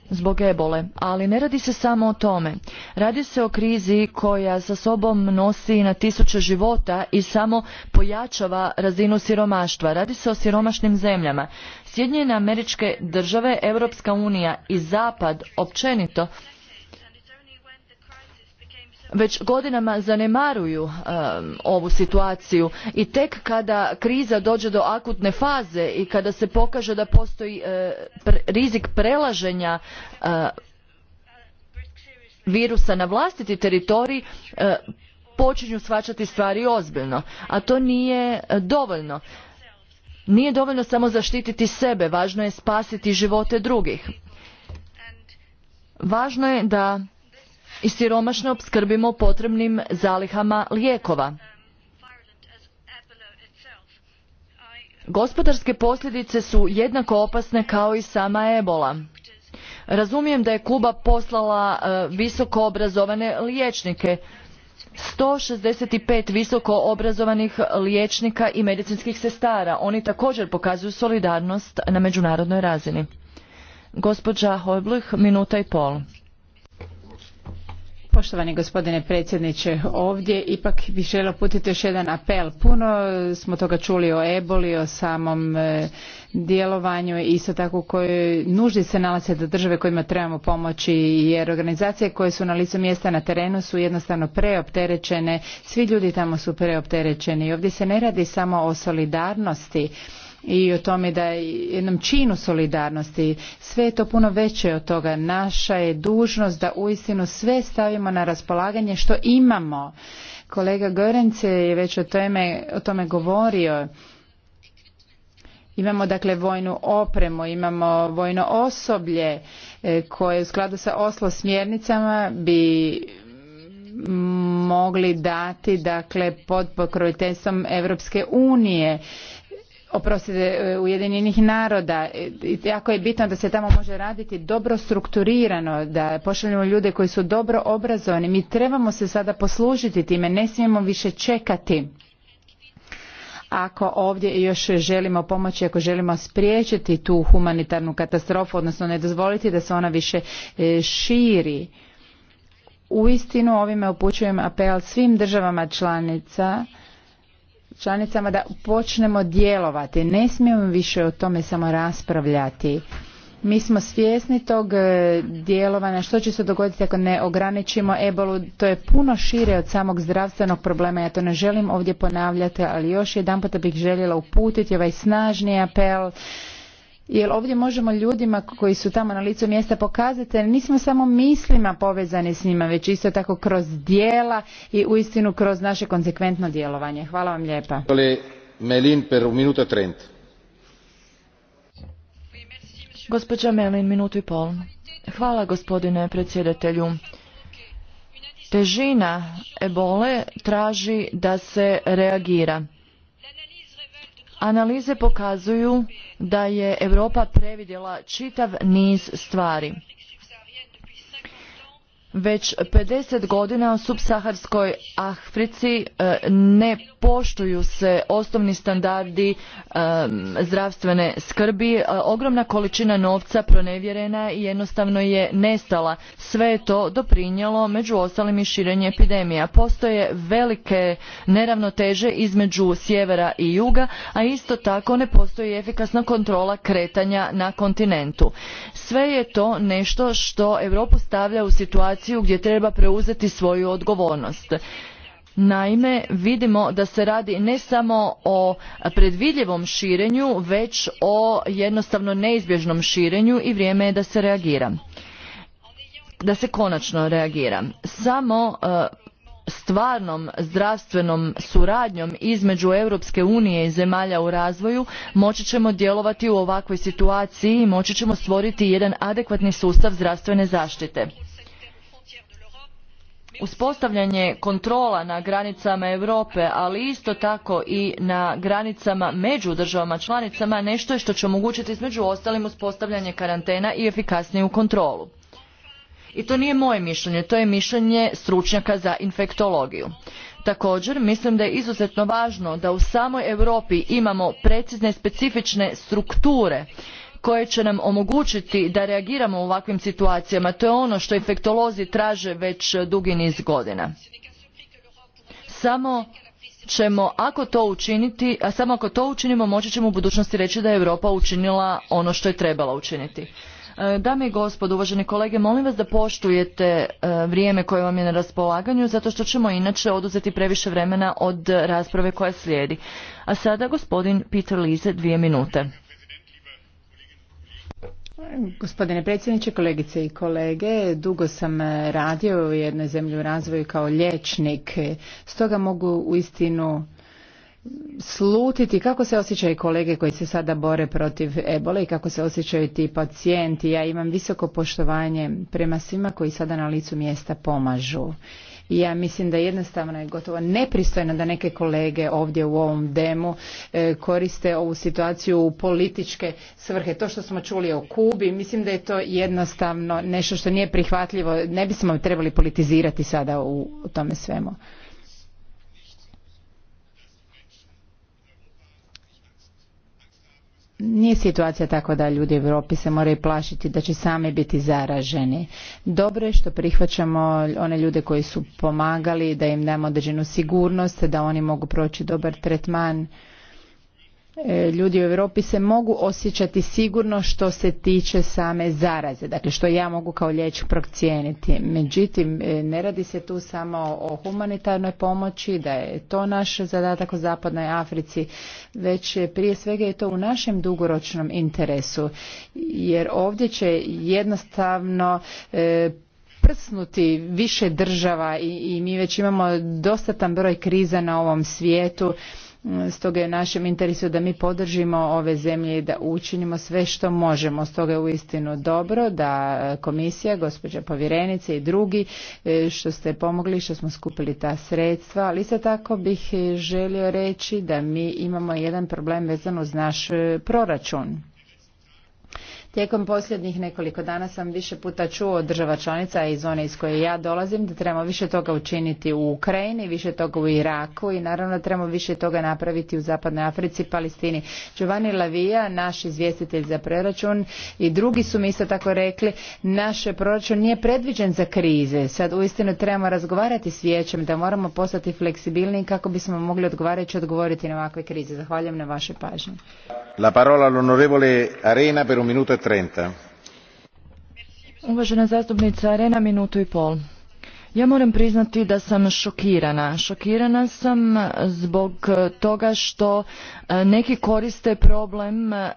zbog ebole, ali ne radi se samo o tome. Radi se o krizi koja sa sobom nosi na tisuće života i samo pojačava razinu siromaštva. Radi se o siromašnim zemljama. Sjedinjene američke države, Europska unija i Zapad općenito već godinama zanemaruju um, ovu situaciju i tek kada kriza dođe do akutne faze i kada se pokaže da postoji uh, rizik prelaženja uh, virusa na vlastiti teritorij uh, počinju shvaćati stvari ozbiljno a to nije dovoljno nije dovoljno samo zaštititi sebe važno je spasiti živote drugih važno je da i siromašno opskrbimo potrebnim zalihama lijekova. Gospodarske posljedice su jednako opasne kao i sama ebola. Razumijem da je Kuba poslala e, visoko obrazovane liječnike, 165 visoko obrazovanih liječnika i medicinskih sestara. Oni također pokazuju solidarnost na međunarodnoj razini. Gospođa Hojbluh, minuta i pol. Poštovani gospodine predsjedniče, ovdje ipak bih željela putiti još jedan apel. Puno smo toga čuli o eboli, o samom e, djelovanju isto tako koje nuždi se nalaze da države kojima trebamo pomoći jer organizacije koje su na licu mjesta na terenu su jednostavno preopterećene, svi ljudi tamo su preopterećeni i ovdje se ne radi samo o solidarnosti i o tome da je jednom činu solidarnosti. Sve je to puno veće od toga. Naša je dužnost da uistinu sve stavimo na raspolaganje što imamo. Kolega gorence je već o tome, o tome govorio. Imamo dakle vojnu opremu, imamo vojno osoblje e, koje u skladu sa oslo smjernicama bi mogli dati dakle pod pokroviteljstvom Europske unije oprostite, e, Ujedinjenih naroda. E, jako je bitno da se tamo može raditi dobro strukturirano, da pošaljemo ljude koji su dobro obrazovani. Mi trebamo se sada poslužiti time, ne smijemo više čekati. Ako ovdje još želimo pomoći, ako želimo spriječiti tu humanitarnu katastrofu, odnosno ne dozvoliti da se ona više e, širi. Uistinu ovime upućujem apel svim državama članica članicama da počnemo djelovati. Ne smijemo više o tome samo raspravljati. Mi smo svjesni tog e, djelovanja, što će se dogoditi ako ne ograničimo ebolu, to je puno šire od samog zdravstvenog problema, ja to ne želim ovdje ponavljati, ali još jedan puta bih željela uputiti ovaj snažni apel jer ovdje možemo ljudima koji su tamo na licu mjesta pokazati da nismo samo mislima povezani s njima već isto tako kroz dijela i uistinu kroz naše konsekventno djelovanje. Hvala vam lijepa. E Melin, minutu i pol. Hvala gospodine predsjedatelju. Težina ebole traži da se reagira. Analize pokazuju da je Europa previdjela čitav niz stvari već 50 godina u subsaharskoj Africi e, ne poštuju se osnovni standardi e, zdravstvene skrbi. E, ogromna količina novca pronevjerena i jednostavno je nestala. Sve je to doprinjalo među ostalim i širenje epidemija. Postoje velike neravnoteže između sjevera i juga, a isto tako ne postoji efikasna kontrola kretanja na kontinentu. Sve je to nešto što Europu stavlja u situaciju situaciju gdje treba preuzeti svoju odgovornost. Naime, vidimo da se radi ne samo o predvidljivom širenju, već o jednostavno neizbježnom širenju i vrijeme je da se reagira. Da se konačno reagira. Samo e, stvarnom zdravstvenom suradnjom između Europske unije i zemalja u razvoju moći ćemo djelovati u ovakvoj situaciji i moći ćemo stvoriti jedan adekvatni sustav zdravstvene zaštite uspostavljanje kontrola na granicama Europe, ali isto tako i na granicama među državama članicama nešto je što će omogućiti između ostalim uspostavljanje karantena i efikasniju kontrolu. I to nije moje mišljenje, to je mišljenje stručnjaka za infektologiju. Također, mislim da je izuzetno važno da u samoj Europi imamo precizne specifične strukture koje će nam omogućiti da reagiramo u ovakvim situacijama to je ono što infektolozi traže već dugi niz godina samo ćemo ako to učiniti a samo ako to učinimo moći ćemo u budućnosti reći da je europa učinila ono što je trebala učiniti e, Dame i gospodo, uvaženi kolege, molim vas da poštujete e, vrijeme koje vam je na raspolaganju, zato što ćemo inače oduzeti previše vremena od rasprave koja slijedi. A sada gospodin Peter Lize, dvije minute. Gospodine predsjedniče, kolegice i kolege, dugo sam radio u jednoj zemlji u razvoju kao liječnik, stoga mogu uistinu slutiti kako se osjećaju kolege koji se sada bore protiv ebole i kako se osjećaju ti pacijenti. Ja imam visoko poštovanje prema svima koji sada na licu mjesta pomažu. Ja mislim da jednostavno je gotovo nepristojno da neke kolege ovdje u ovom demu e, koriste ovu situaciju u političke svrhe. To što smo čuli o Kubi, mislim da je to jednostavno nešto što nije prihvatljivo. Ne bismo trebali politizirati sada u tome svemu. nije situacija tako da ljudi u Europi se moraju plašiti da će sami biti zaraženi. Dobro je što prihvaćamo one ljude koji su pomagali, da im damo određenu sigurnost, da oni mogu proći dobar tretman E, ljudi u Europi se mogu osjećati sigurno što se tiče same zaraze, dakle što ja mogu kao liječnik procijeniti. Međutim, e, ne radi se tu samo o humanitarnoj pomoći, da je to naš zadatak u Zapadnoj Africi, već prije svega je to u našem dugoročnom interesu, jer ovdje će jednostavno e, prsnuti više država i, i mi već imamo dostatan broj kriza na ovom svijetu Stoga je u našem interesu da mi podržimo ove zemlje i da učinimo sve što možemo. Stoga je uistinu dobro da komisija, gospođa Povjerenica i drugi e, što ste pomogli, što smo skupili ta sredstva, ali isto tako bih želio reći da mi imamo jedan problem vezan uz naš e, proračun. Tijekom posljednjih nekoliko dana sam više puta čuo od država članica iz zone iz koje ja dolazim da trebamo više toga učiniti u Ukrajini, više toga u Iraku i naravno da trebamo više toga napraviti u Zapadnoj Africi i Palestini. Giovanni Lavija, naš izvjestitelj za proračun i drugi su mi isto tako rekli naš proračun nije predviđen za krize. Sad uistinu trebamo razgovarati s vijećem da moramo postati fleksibilniji kako bismo mogli odgovarajući odgovoriti na ovakve krize. Zahvaljujem na vašoj pažnji. La parola all'onorevole Arena per un minuto e uvažena zastupnica arena minutu i pol ja moram priznati da sam šokirana. Šokirana sam zbog toga što e, neki koriste problem e,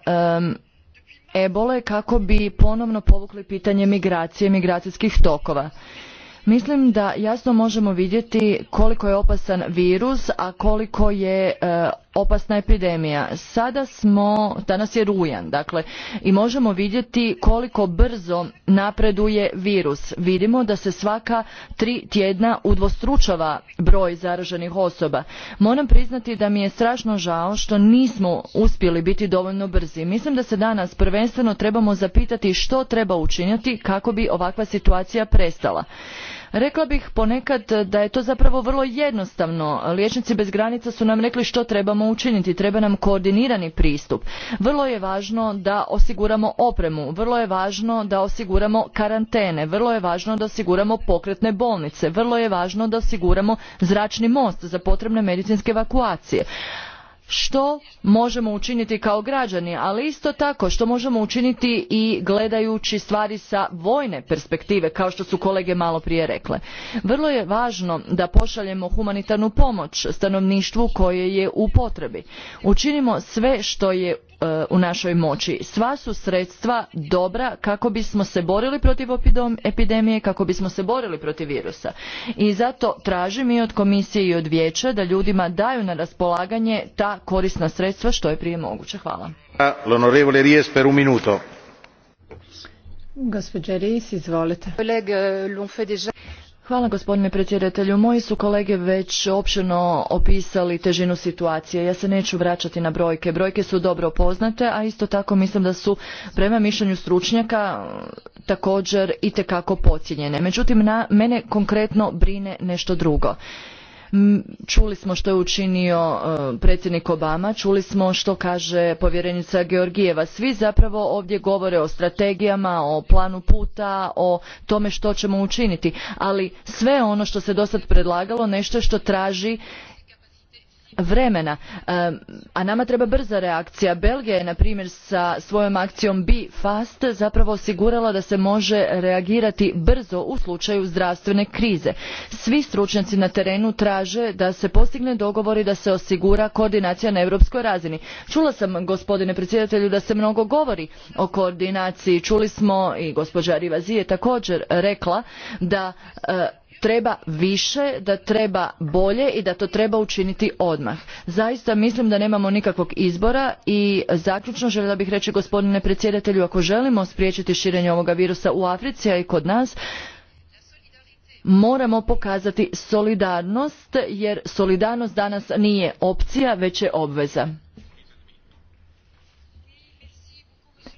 ebole kako bi ponovno povukli pitanje migracije, migracijskih tokova. Mislim da jasno možemo vidjeti koliko je opasan virus, a koliko je e, opasna epidemija. Sada smo, danas je rujan, dakle, i možemo vidjeti koliko brzo napreduje virus. Vidimo da se svaka tri tjedna udvostručava broj zaraženih osoba. Moram priznati da mi je strašno žao što nismo uspjeli biti dovoljno brzi. Mislim da se danas prvenstveno trebamo zapitati što treba učiniti kako bi ovakva situacija prestala. Rekla bih ponekad da je to zapravo vrlo jednostavno. Liječnici bez granica su nam rekli što trebamo učiniti. Treba nam koordinirani pristup. Vrlo je važno da osiguramo opremu. Vrlo je važno da osiguramo karantene. Vrlo je važno da osiguramo pokretne bolnice. Vrlo je važno da osiguramo zračni most za potrebne medicinske evakuacije što možemo učiniti kao građani, ali isto tako što možemo učiniti i gledajući stvari sa vojne perspektive, kao što su kolege malo prije rekle. Vrlo je važno da pošaljemo humanitarnu pomoć stanovništvu koje je u potrebi. Učinimo sve što je E, u našoj moći. Sva su sredstva dobra kako bismo se borili protiv epidemije, kako bismo se borili protiv virusa. I zato tražim i od komisije i od vijeća da ljudima daju na raspolaganje ta korisna sredstva što je prije moguće. Hvala. Ries, Hvala gospodine predsjedatelju. Moji su kolege već opširno opisali težinu situacije. Ja se neću vraćati na brojke. Brojke su dobro poznate, a isto tako mislim da su prema mišljenju stručnjaka također i tekako pocijenjene. Međutim, na, mene konkretno brine nešto drugo. Čuli smo što je učinio e, predsjednik Obama, čuli smo što kaže povjerenica Georgijeva. Svi zapravo ovdje govore o strategijama, o planu puta, o tome što ćemo učiniti, ali sve ono što se dosad predlagalo nešto što traži vremena a nama treba brza reakcija belgija je na primjer sa svojom akcijom be fast zapravo osigurala da se može reagirati brzo u slučaju zdravstvene krize svi stručnjaci na terenu traže da se postigne dogovori da se osigura koordinacija na europskoj razini čula sam gospodine predsjedatelju da se mnogo govori o koordinaciji čuli smo i gospođa rivazi je također rekla da e, treba više, da treba bolje i da to treba učiniti odmah. Zaista mislim da nemamo nikakvog izbora i zaključno željela bih reći gospodine predsjedatelju ako želimo spriječiti širenje ovoga virusa u Africi a i kod nas moramo pokazati solidarnost jer solidarnost danas nije opcija već je obveza.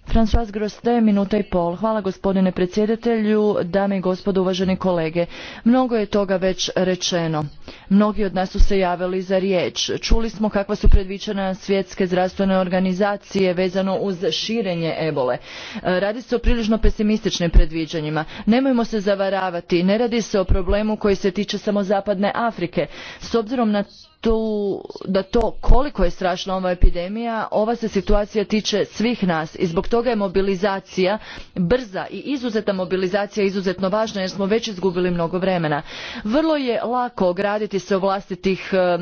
François Groste, minuta i pol. Hvala gospodine predsjedatelju, dame i gospodo, uvaženi kolege. Mnogo je toga već rečeno. Mnogi od nas su se javili za riječ. Čuli smo kakva su predviđena svjetske zdravstvene organizacije vezano uz širenje ebole. E, radi se o prilično pesimističnim predviđanjima. Nemojmo se zavaravati, ne radi se o problemu koji se tiče samo zapadne Afrike. S obzirom na tu, da to koliko je strašna ova epidemija, ova se situacija tiče svih nas i zbog toga je mobilizacija brza i izuzetna mobilizacija izuzetno važna jer smo već izgubili mnogo vremena. Vrlo je lako ograditi se od vlastitih eh,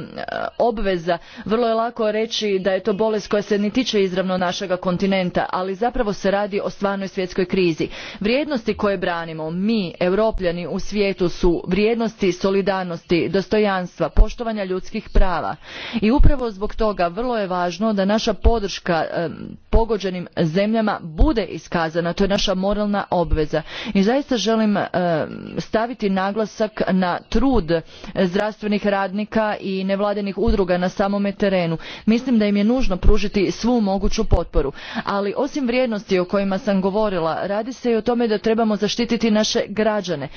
obveza, vrlo je lako reći da je to bolest koja se ne tiče izravno našega kontinenta, ali zapravo se radi o stvarnoj svjetskoj krizi. Vrijednosti koje branimo mi, europljani u svijetu su vrijednosti solidarnosti, dostojanstva, poštovanja ljudskih prava. I upravo zbog toga vrlo je važno da naša podrška pogođenim zemljama bude iskazana. To je naša moralna obveza. I zaista želim staviti naglasak na trud zdravstvenih radnika i nevladinih udruga na samome terenu. Mislim da im je nužno pružiti svu moguću potporu. Ali osim vrijednosti o kojima sam govorila, radi se i o tome da trebamo zaštititi naše građane. E,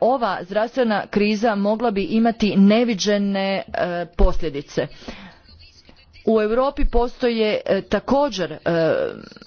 ova zdravstvena kriza mogla bi imati neviđene e, posljedice u Europi postoje e, također e,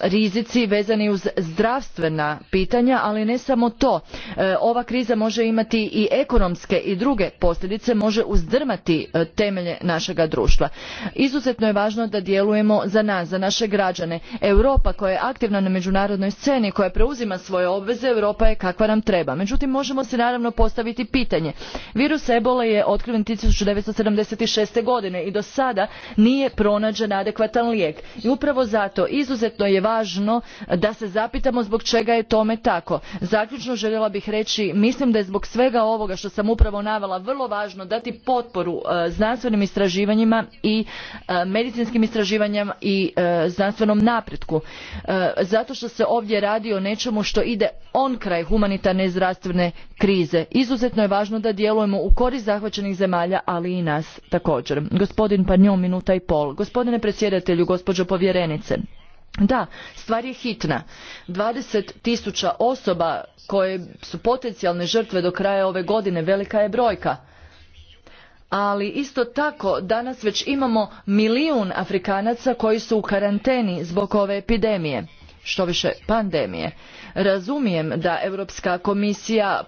rizici vezani uz zdravstvena pitanja, ali ne samo to. E, ova kriza može imati i ekonomske i druge posljedice, može uzdrmati temelje našega društva. Izuzetno je važno da djelujemo za nas, za naše građane. Europa koja je aktivna na međunarodnoj sceni, koja preuzima svoje obveze, Europa je kakva nam treba. Međutim, možemo se naravno postaviti pitanje. Virus ebole je otkriven six godine i do sada nije pronađen adekvatan lijek. I upravo zato izuzetno je važno da se zapitamo zbog čega je tome tako. Zaključno željela bih reći, mislim da je zbog svega ovoga što sam upravo navela vrlo važno dati potporu e, znanstvenim istraživanjima i e, medicinskim istraživanjima i e, znanstvenom napretku. Zato što se ovdje radi o nečemu što ide on kraj humanitarne zdravstvene krize. Izuzetno je važno da djelujemo u korist zahvaćenih zemalja, ali i nas također. Gospodin panjom minuta i pol. Gospodine predsjedatelju, gospođo povjerenice, da, stvar je hitna. Dvadeset tisuća osoba koje su potencijalne žrtve do kraja ove godine, velika je brojka. Ali isto tako danas već imamo milijun Afrikanaca koji su u karanteni zbog ove epidemije, štoviše pandemije. Razumijem da Europska komisija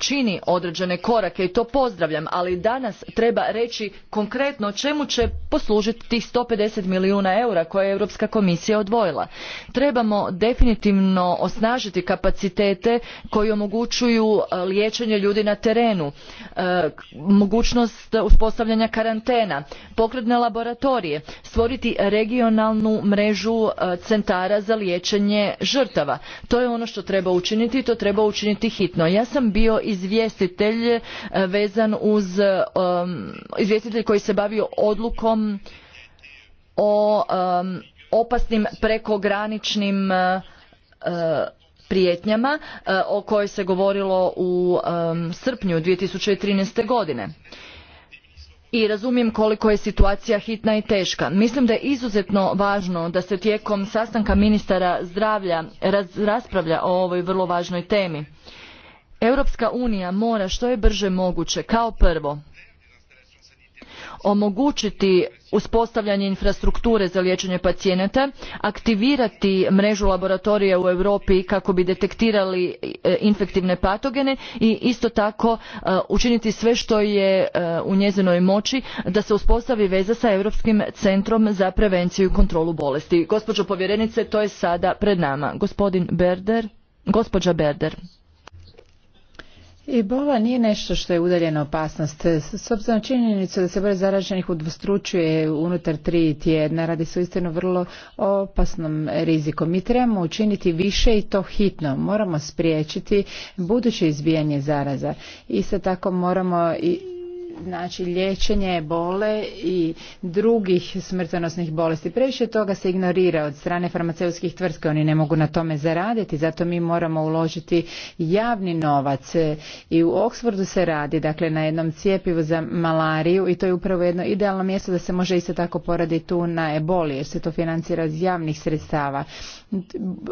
čini određene korake i to pozdravljam ali danas treba reći konkretno čemu će poslužiti tih sto milijuna eura koje je europska komisija odvojila trebamo definitivno osnažiti kapacitete koji omogućuju e, liječenje ljudi na terenu e, mogućnost uspostavljanja karantena pokretne laboratorije stvoriti regionalnu mrežu e, centara za liječenje žrtava to je ono što treba učiniti i to treba učiniti hitno ja sam bio izvjestitelj e, vezan uz e, um, izvjestitelj koji se bavio odlukom o um, opasnim prekograničnim e, prijetnjama o kojoj se govorilo u um, srpnju 2013. godine i razumijem koliko je situacija hitna i teška. Mislim da je izuzetno važno da se tijekom sastanka ministara zdravlja raspravlja o ovoj vrlo važnoj temi. Europska unija mora što je brže moguće kao prvo omogućiti uspostavljanje infrastrukture za liječenje pacijenata aktivirati mrežu laboratorija u europi kako bi detektirali e, infektivne patogene i isto tako e, učiniti sve što je e, u njezinoj moći da se uspostavi veza sa europskim centrom za prevenciju i kontrolu bolesti. gospođo povjerenice to je sada pred nama. gospodin berder gospođa berder Ebola nije nešto što je udaljena opasnost. S obzirom činjenicu da se broj zaraženih udvostručuje unutar tri tjedna, radi se uistinu vrlo opasnom rizikom. Mi trebamo učiniti više i to hitno. Moramo spriječiti buduće izbijanje zaraza. Isto tako moramo i znači liječenje bole i drugih smrtonosnih bolesti. Previše toga se ignorira od strane farmaceutskih tvrtke, oni ne mogu na tome zaraditi, zato mi moramo uložiti javni novac. I u Oxfordu se radi, dakle, na jednom cijepivu za malariju i to je upravo jedno idealno mjesto da se može isto tako poraditi tu na eboli, jer se to financira iz javnih sredstava.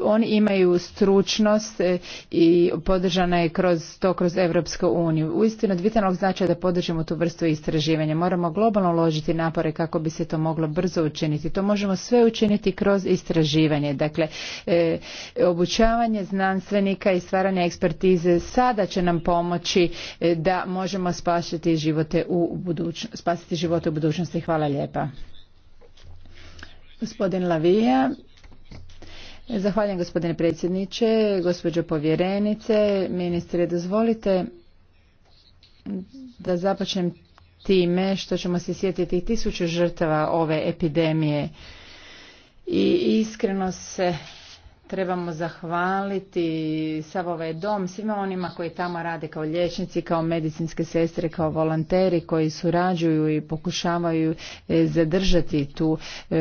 Oni imaju stručnost e, i podržana je kroz to kroz Europsku uniju. Uistinu od vitalnog značaja da podržimo tu vrstu istraživanja. Moramo globalno uložiti napore kako bi se to moglo brzo učiniti. To možemo sve učiniti kroz istraživanje. Dakle, e, obučavanje znanstvenika i stvaranje ekspertize sada će nam pomoći e, da možemo spasiti živote u budućnosti, spasiti živote u budućnosti. Hvala lijepa. Gospodin Lavija, Zahvaljujem gospodine predsjedniče, gospođo povjerenice, ministre, dozvolite da započnem time što ćemo se sjetiti tisuću žrtava ove epidemije i iskreno se trebamo zahvaliti sav ovaj dom svima onima koji tamo rade kao liječnici, kao medicinske sestre, kao volonteri koji surađuju i pokušavaju e, zadržati tu e,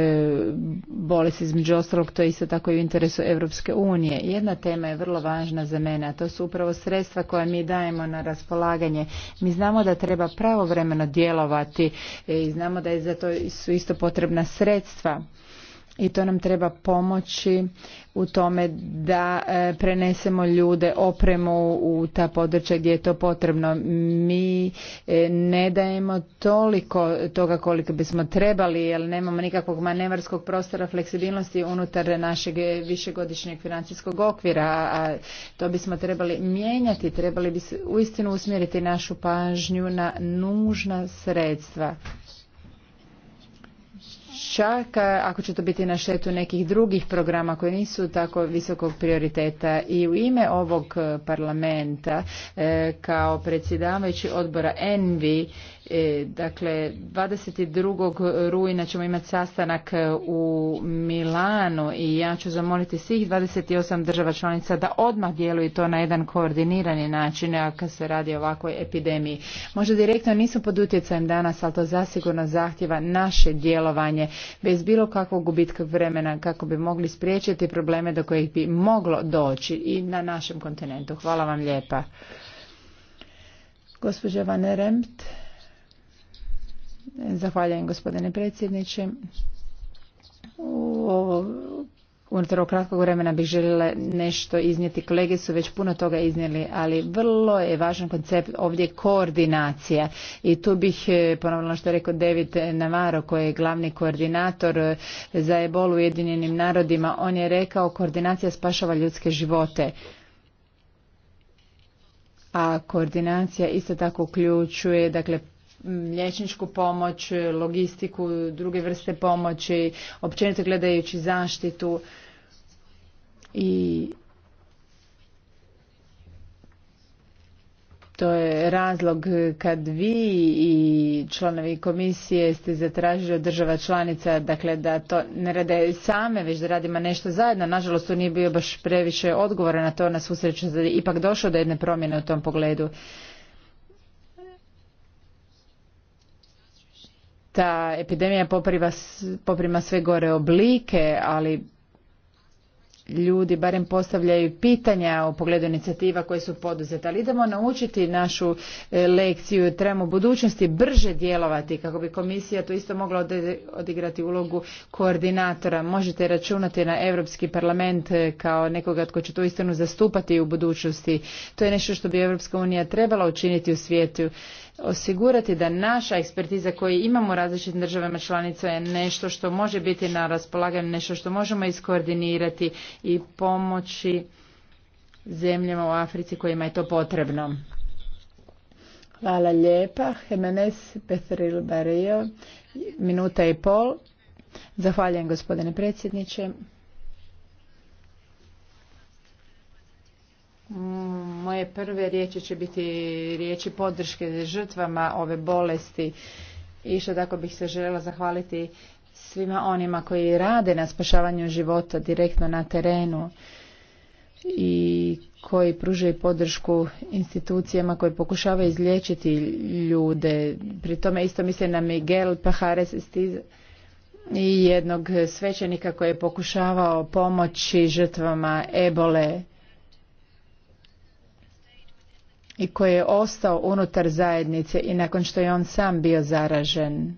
bolest između ostalog to je isto tako i u interesu Europske unije. Jedna tema je vrlo važna za mene, a to su upravo sredstva koja mi dajemo na raspolaganje. Mi znamo da treba pravovremeno djelovati e, i znamo da je za to su isto potrebna sredstva i to nam treba pomoći u tome da e, prenesemo ljude opremu u ta područja gdje je to potrebno. Mi e, ne dajemo toliko toga koliko bismo trebali jer nemamo nikakvog manevarskog prostora fleksibilnosti unutar našeg višegodišnjeg financijskog okvira, a to bismo trebali mijenjati, trebali bi uistinu usmjeriti našu pažnju na nužna sredstva čak ako će to biti na šetu nekih drugih programa koji nisu tako visokog prioriteta i u ime ovog e, parlamenta e, kao predsjedavajući odbora ENVI E, dakle, 22. rujna ćemo imati sastanak u Milanu i ja ću zamoliti svih 28 država članica da odmah djeluju to na jedan koordinirani način, a kad se radi o ovakvoj epidemiji. Možda direktno nisu pod utjecajem danas, ali to zasigurno zahtjeva naše djelovanje bez bilo kakvog gubitka vremena kako bi mogli spriječiti probleme do kojih bi moglo doći i na našem kontinentu. Hvala vam lijepa. Gospođa Van Zahvaljujem gospodine predsjedniče. U unutar kratkog vremena bih željela nešto iznijeti. Kolege su već puno toga iznijeli, ali vrlo je važan koncept ovdje koordinacija. I tu bih e, ponovno što je rekao David Navarro, koji je glavni koordinator e, za ebolu u Ujedinjenim narodima. On je rekao koordinacija spašava ljudske živote a koordinacija isto tako uključuje dakle liječničku pomoć, logistiku, druge vrste pomoći, općenito gledajući zaštitu i To je razlog kad vi i članovi komisije ste zatražili od država članica dakle, da to ne rade same, već da radimo nešto zajedno. Nažalost, to nije bio baš previše odgovora na to na susreću, da je ipak došlo do jedne promjene u tom pogledu. ta epidemija poprima sve gore oblike, ali ljudi barem postavljaju pitanja u pogledu inicijativa koje su poduzete. Ali idemo naučiti našu e, lekciju, trebamo u budućnosti brže djelovati kako bi komisija to isto mogla odigrati ulogu koordinatora. Možete računati na Europski parlament e, kao nekoga tko će to istinu zastupati u budućnosti. To je nešto što bi Europska unija trebala učiniti u svijetu osigurati da naša ekspertiza koju imamo u različitim državama članica je nešto što može biti na raspolaganju, nešto što možemo iskoordinirati i pomoći zemljama u Africi kojima je to potrebno. Hvala lijepa. Petril Barrio, minuta i pol. Zahvaljujem gospodine predsjedniče. Mm, moje prve riječi će biti riječi podrške žrtvama ove bolesti i što tako bih se željela zahvaliti svima onima koji rade na spašavanju života direktno na terenu i koji pružaju podršku institucijama koji pokušavaju izlječiti ljude. Pri tome isto mislim na Miguel Pajares i jednog svećenika koji je pokušavao pomoći žrtvama ebole i koji je ostao unutar zajednice i nakon što je on sam bio zaražen.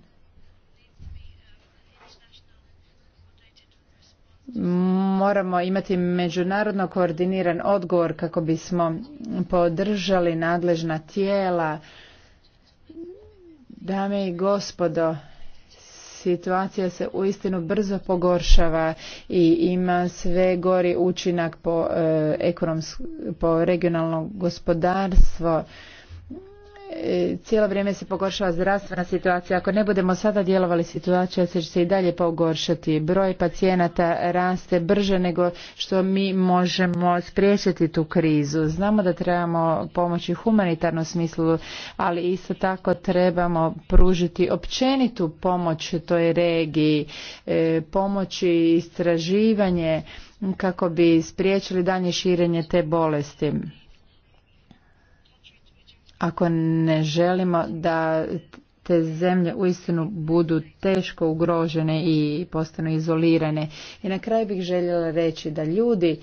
Moramo imati međunarodno koordiniran odgovor kako bismo podržali nadležna tijela. Dame i gospodo, situacija se uistinu brzo pogoršava i ima sve gori učinak po, e, po regionalno gospodarstvo E, cijelo vrijeme se pogoršava zdravstvena situacija. Ako ne budemo sada djelovali, situacija će se i dalje pogoršati. Broj pacijenata raste brže nego što mi možemo spriječiti tu krizu. Znamo da trebamo pomoći humanitarnom smislu, ali isto tako trebamo pružiti općenitu pomoć toj regiji, e, pomoći istraživanje kako bi spriječili danje širenje te bolesti ako ne želimo da te zemlje uistinu budu teško ugrožene i postanu izolirane. I na kraju bih željela reći da ljudi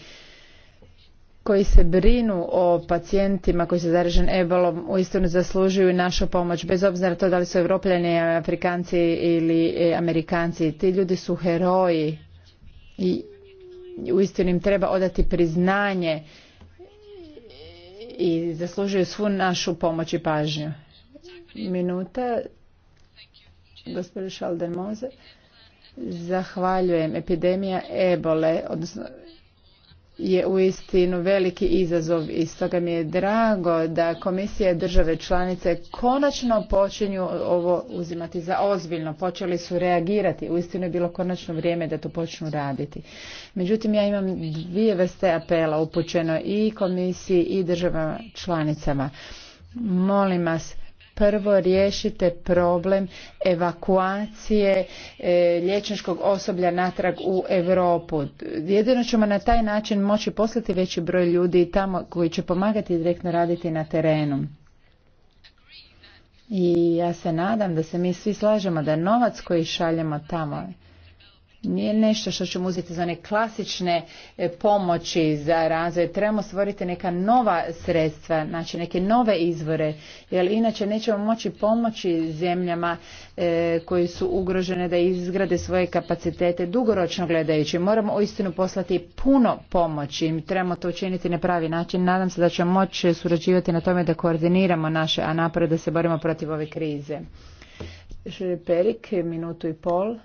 koji se brinu o pacijentima koji su zaraženi ebolom uistinu zaslužuju našu pomoć bez obzira to da li su europljani, afrikanci ili e, amerikanci. Ti ljudi su heroji i uistinu im treba odati priznanje i zaslužuju svu našu pomoć i pažnju. Minuta, gospodin Šalden Moze. Zahvaljujem. Epidemija ebole, odnosno je uistinu veliki izazov i stoga mi je drago da komisije države članice konačno počinju ovo uzimati za ozbiljno, počeli su reagirati, uistinu je bilo konačno vrijeme da to počnu raditi. Međutim, ja imam dvije vrste apela upućeno i komisiji i državama članicama. Molim vas, prvo riješite problem evakuacije e, liječničkog osoblja natrag u Europu. Jedino ćemo na taj način moći poslati veći broj ljudi tamo koji će pomagati direktno raditi na terenu. I ja se nadam da se mi svi slažemo da novac koji šaljemo tamo nije nešto što ćemo uzeti za one klasične e, pomoći za razvoj. Trebamo stvoriti neka nova sredstva, znači neke nove izvore, jer inače nećemo moći pomoći zemljama e, koje su ugrožene da izgrade svoje kapacitete dugoročno gledajući. Moramo istinu poslati puno pomoći, trebamo to učiniti na pravi način. Nadam se da ćemo moći surađivati na tome da koordiniramo naše a napore da se borimo protiv ove krize. Perik, minutu i pol.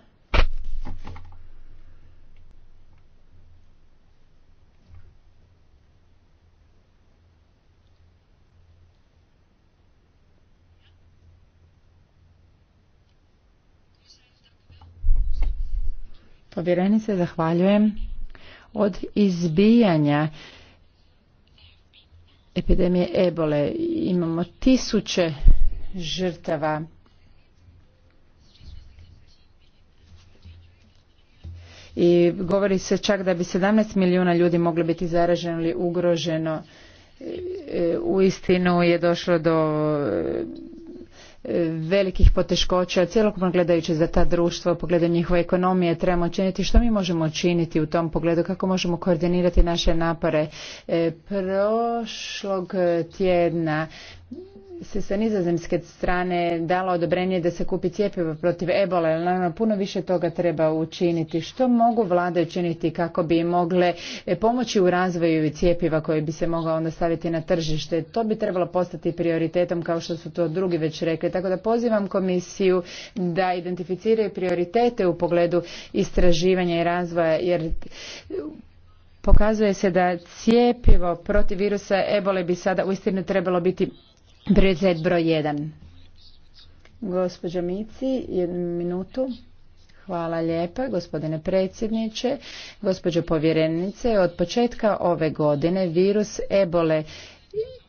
Povjerenice, zahvaljujem. Od izbijanja epidemije ebole imamo tisuće žrtava i govori se čak da bi 17 milijuna ljudi mogli biti zaraženi ili ugroženo. E, e, u istinu je došlo do velikih poteškoća cjelokupno gledajući za ta društva u pogledu njihove ekonomije trebamo činiti što mi možemo činiti u tom pogledu kako možemo koordinirati naše napore e, prošlog tjedna se sa nizozemske strane dalo odobrenje da se kupi cjepivo protiv ebola, ali naravno puno više toga treba učiniti. Što mogu vlade učiniti kako bi mogle e, pomoći u razvoju cjepiva koje bi se mogao onda staviti na tržište? To bi trebalo postati prioritetom kao što su to drugi već rekli. Tako da pozivam komisiju da identificiraju prioritete u pogledu istraživanja i razvoja, jer e, pokazuje se da cijepivo protiv virusa ebole bi sada uistinu trebalo biti Prioritet broj 1. Gospođa Mici, jednu minutu. Hvala lijepa, gospodine predsjedniče, gospođo povjerenice. Od početka ove godine virus ebole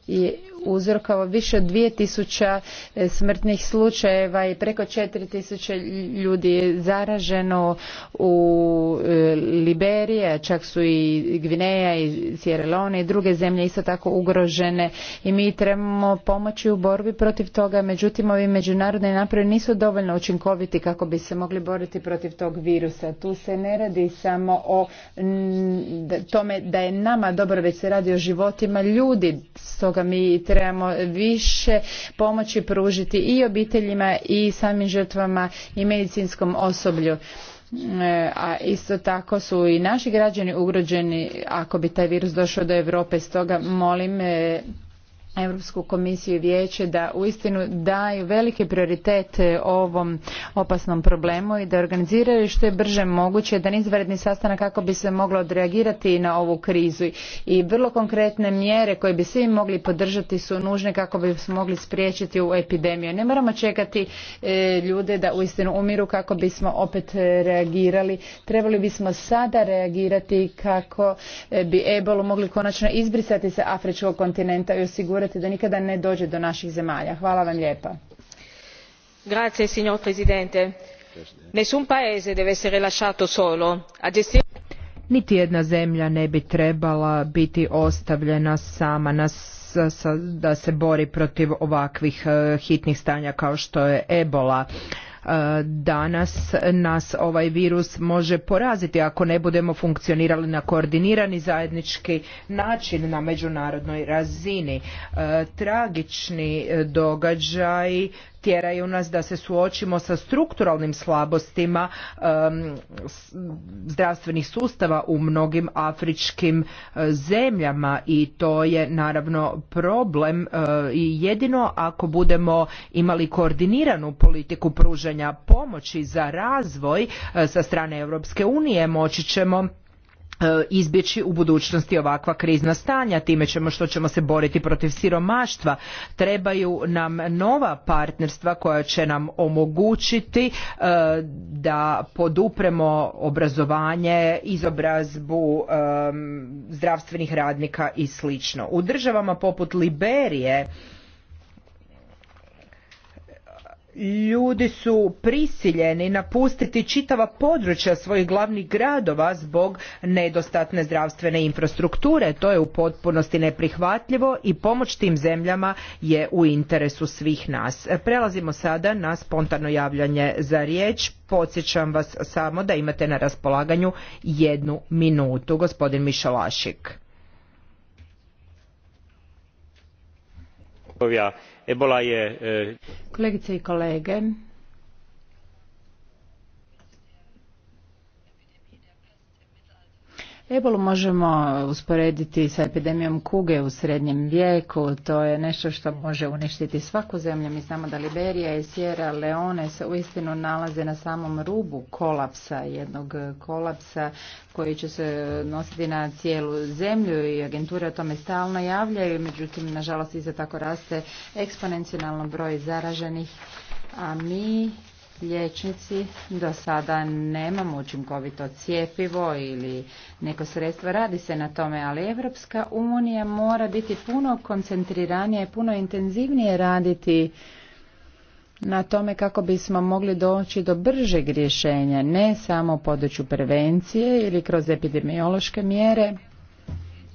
je uzrokovao više od 2000 e, smrtnih slučajeva i preko 4000 ljudi je zaraženo u e, Liberije, čak su i Gvineja i Sierra Leone i druge zemlje isto tako ugrožene i mi trebamo pomoći u borbi protiv toga, međutim ovi međunarodni napori nisu dovoljno učinkoviti kako bi se mogli boriti protiv tog virusa. Tu se ne radi samo o tome da je nama dobro, već se radi o životima ljudi, stoga mi trebamo trebamo više pomoći pružiti i obiteljima i samim žrtvama i medicinskom osoblju e, a isto tako su i naši građani ugroženi ako bi taj virus došao do Europe. Stoga molim e, Europsku komisiju i vijeće da uistinu daju velike prioritete ovom opasnom problemu i da organiziraju što je brže moguće jedan izvanredni sastanak kako bi se moglo odreagirati na ovu krizu i vrlo konkretne mjere koje bi svi mogli podržati su nužne kako bi smo mogli spriječiti ovu epidemiju. Ne moramo čekati e, ljude da uistinu umiru kako bismo opet reagirali. Trebali bismo sada reagirati kako e, bi ebolu mogli konačno izbrisati sa afričkog kontinenta i osigurati osigurati da nikada ne dođe do naših zemalja. Hvala vam lijepa. Grazie, signor Presidente. Nessun paese deve essere lasciato solo a niti jedna zemlja ne bi trebala biti ostavljena sama na da se bori protiv ovakvih eh, hitnih stanja kao što je ebola E, danas nas ovaj virus može poraziti ako ne budemo funkcionirali na koordinirani zajednički način na međunarodnoj razini. E, tragični događaj tjeraju nas da se suočimo sa strukturalnim slabostima zdravstvenih sustava u mnogim afričkim e, zemljama i to je naravno problem e, i jedino ako budemo imali koordiniranu politiku pružanja pomoći za razvoj e, sa strane Europske unije moći ćemo E, izbjeći u budućnosti ovakva krizna stanja time ćemo što ćemo se boriti protiv siromaštva trebaju nam nova partnerstva koja će nam omogućiti e, da podupremo obrazovanje izobrazbu e, zdravstvenih radnika i slično u državama poput Liberije ljudi su prisiljeni napustiti čitava područja svojih glavnih gradova zbog nedostatne zdravstvene infrastrukture. To je u potpunosti neprihvatljivo i pomoć tim zemljama je u interesu svih nas. Prelazimo sada na spontano javljanje za riječ. Podsjećam vas samo da imate na raspolaganju jednu minutu. Gospodin Mišalašik. Ebola je... E, Kolegice i kolege, Ebolu možemo usporediti sa epidemijom kuge u srednjem vijeku. To je nešto što može uništiti svaku zemlju. Mi znamo da Liberija i Sierra Leone se uistinu nalaze na samom rubu kolapsa, jednog kolapsa koji će se nositi na cijelu zemlju i agenture o tome stalno javljaju. Međutim, nažalost, iza tako raste eksponencionalno broj zaraženih. A mi liječnici. Do sada nemamo učinkovito cijepivo ili neko sredstvo. Radi se na tome, ali Evropska unija mora biti puno i puno intenzivnije raditi na tome kako bismo mogli doći do bržeg rješenja, ne samo u području prevencije ili kroz epidemiološke mjere.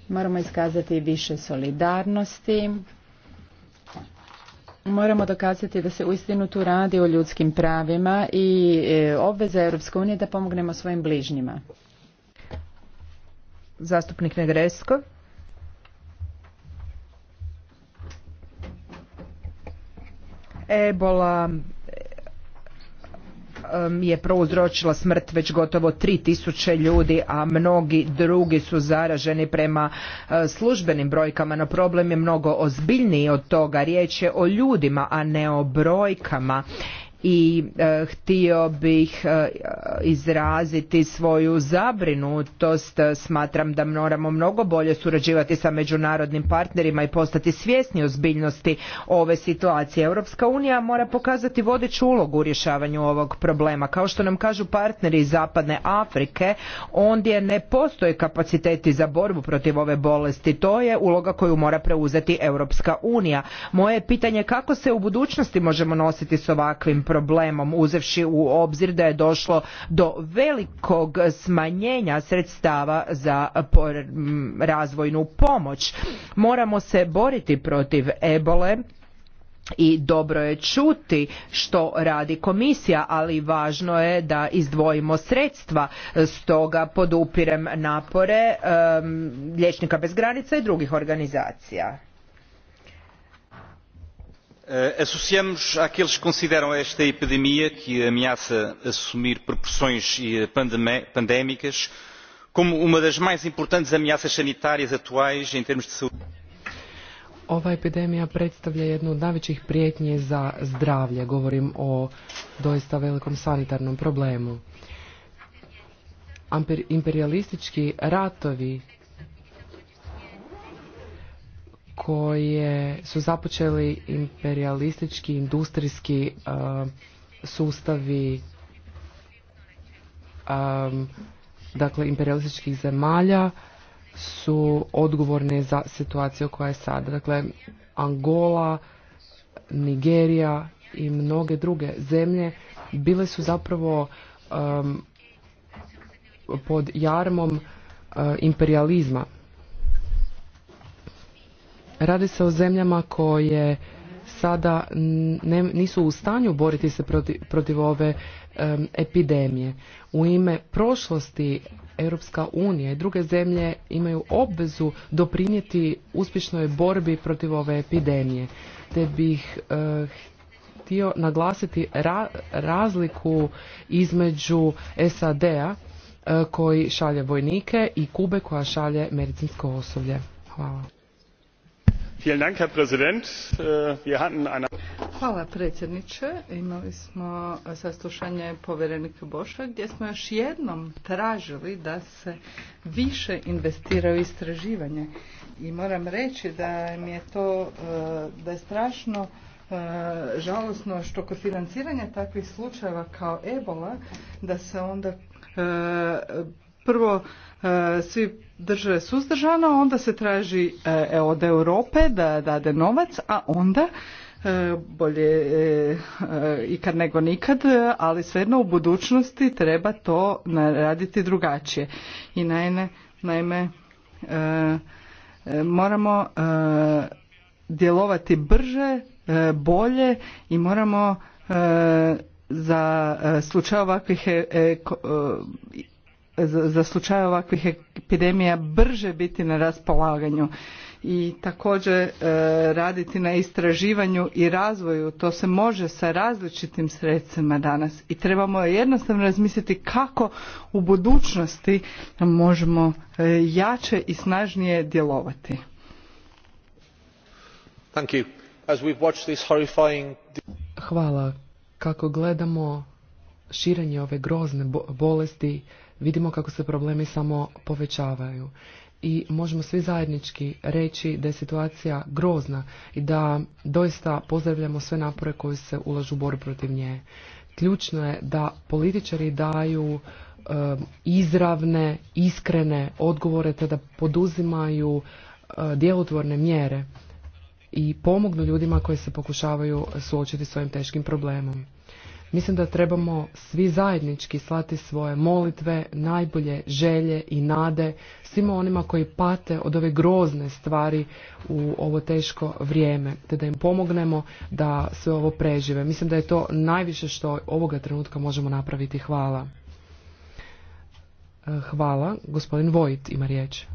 Moramo iskazati više solidarnosti Moramo dokazati da se uistinu tu radi o ljudskim pravima i e, obveza Europske unije da pomognemo svojim bližnjima. Zastupnik Negresko. Ebola je prouzročila smrt već gotovo 3000 ljudi, a mnogi drugi su zaraženi prema e, službenim brojkama, no problem je mnogo ozbiljniji od toga. Riječ je o ljudima, a ne o brojkama i e, htio bih e, izraziti svoju zabrinutost smatram da moramo mnogo bolje surađivati sa međunarodnim partnerima i postati svjesni ozbiljnosti ove situacije Europska unija mora pokazati vodeću ulogu u rješavanju ovog problema kao što nam kažu partneri iz zapadne Afrike ondje ne postoje kapaciteti za borbu protiv ove bolesti to je uloga koju mora preuzeti Europska unija moje pitanje je pitanje kako se u budućnosti možemo nositi s ovakvim problemom uzevši u obzir da je došlo do velikog smanjenja sredstava za razvojnu pomoć. Moramo se boriti protiv ebole i dobro je čuti što radi komisija, ali važno je da izdvojimo sredstva. Stoga podupirem napore Lječnika bez granica i drugih organizacija. Eh, associamos àqueles que consideram esta epidemia que ameaça assumir proporções eh, pandémicas como uma das mais importantes ameaças sanitárias atuais em termos de saúde. Ova epidemija predstavlja jednu od najvećih prijetnji za zdravlje. Govorim o doista velikom sanitarnom problemu. Imperialistički ratovi koje su započeli imperialistički, industrijski e, sustavi um, dakle imperialističkih zemalja su odgovorne za situaciju koja je sada. Dakle, Angola, Nigerija i mnoge druge zemlje bile su zapravo e, pod jarmom uh, imperializma. Radi se o zemljama koje sada nisu u stanju boriti se protiv, ove epidemije. U ime prošlosti Europska unija i druge zemlje imaju obvezu doprinijeti uspješnoj borbi protiv ove epidemije. Te bih eh, htio naglasiti razliku između SAD-a eh, koji šalje vojnike i Kube koja šalje medicinsko osoblje. Hvala. Äh, Hvala predsjedniče. Imali smo saslušanje povjerenika Boša gdje smo još jednom tražili da se više investira u istraživanje. I moram reći da mi je to, e, da je strašno e, žalosno što kod financiranja takvih slučajeva kao ebola da se onda e, prvo E, svi drže suzdržano, onda se traži e, e, od Europe da dade novac, a onda bolje ikad nego nikad, ali svejedno u budućnosti treba to raditi drugačije. I naime, naime moramo djelovati brže, bolje i moramo za slučaj ovakvih za slučaj ovakvih epidemija brže biti na raspolaganju i također e, raditi na istraživanju i razvoju. To se može sa različitim sredstvima danas i trebamo jednostavno razmisliti kako u budućnosti možemo e, jače i snažnije djelovati. Thank you. As we've this horrifying... Hvala. Kako gledamo širenje ove grozne bolesti, vidimo kako se problemi samo povećavaju. I možemo svi zajednički reći da je situacija grozna i da doista pozdravljamo sve napore koji se ulažu u boru protiv nje. Ključno je da političari daju um, izravne, iskrene odgovore te da poduzimaju uh, djelotvorne mjere i pomognu ljudima koji se pokušavaju suočiti s ovim teškim problemom. Mislim da trebamo svi zajednički slati svoje molitve, najbolje želje i nade svima onima koji pate od ove grozne stvari u ovo teško vrijeme, te da im pomognemo da sve ovo prežive. Mislim da je to najviše što ovoga trenutka možemo napraviti. Hvala. E, hvala. Gospodin Vojt ima riječ.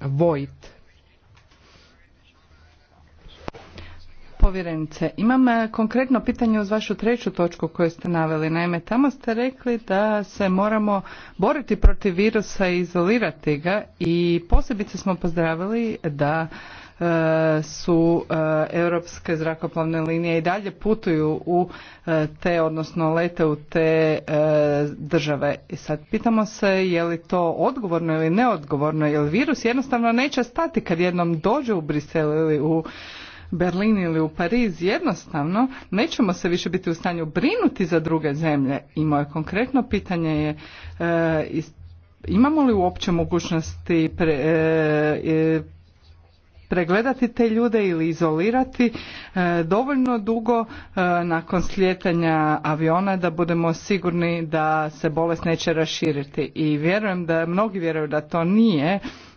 Vojt. povjerenice, imam e, konkretno pitanje uz vašu treću točku koju ste naveli. Naime, tamo ste rekli da se moramo boriti protiv virusa i izolirati ga i posebice smo pozdravili da e, su e, europske zrakoplovne linije i dalje putuju u te, odnosno lete u te države. I sad pitamo se je li to odgovorno ili neodgovorno, jer virus jednostavno neće stati kad jednom dođe u Brisel ili u Berlin ili u Pariz, jednostavno nećemo se više biti u stanju brinuti za druge zemlje. I moje konkretno pitanje je e, imamo li uopće mogućnosti e, e, pregledati te ljude ili izolirati dovoljno dugo nakon slijetanja aviona da budemo sigurni da se bolest neće raširiti i vjerujem da mnogi vjeruju da to nije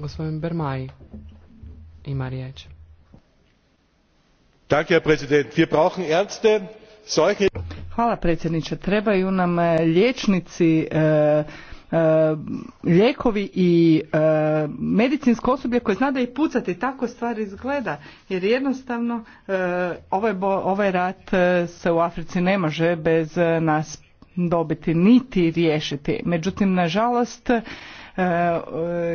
Gospodin Bermaj ima riječ. Hvala predsjedniče. Trebaju nam e, liječnici, e, e, lijekovi i medicinsko osoblje koje zna da i pucati. Tako stvar izgleda. Jer jednostavno ovaj, ovaj rat se u Africi ne može bez nas dobiti niti riješiti. Međutim, nažalost, E, e,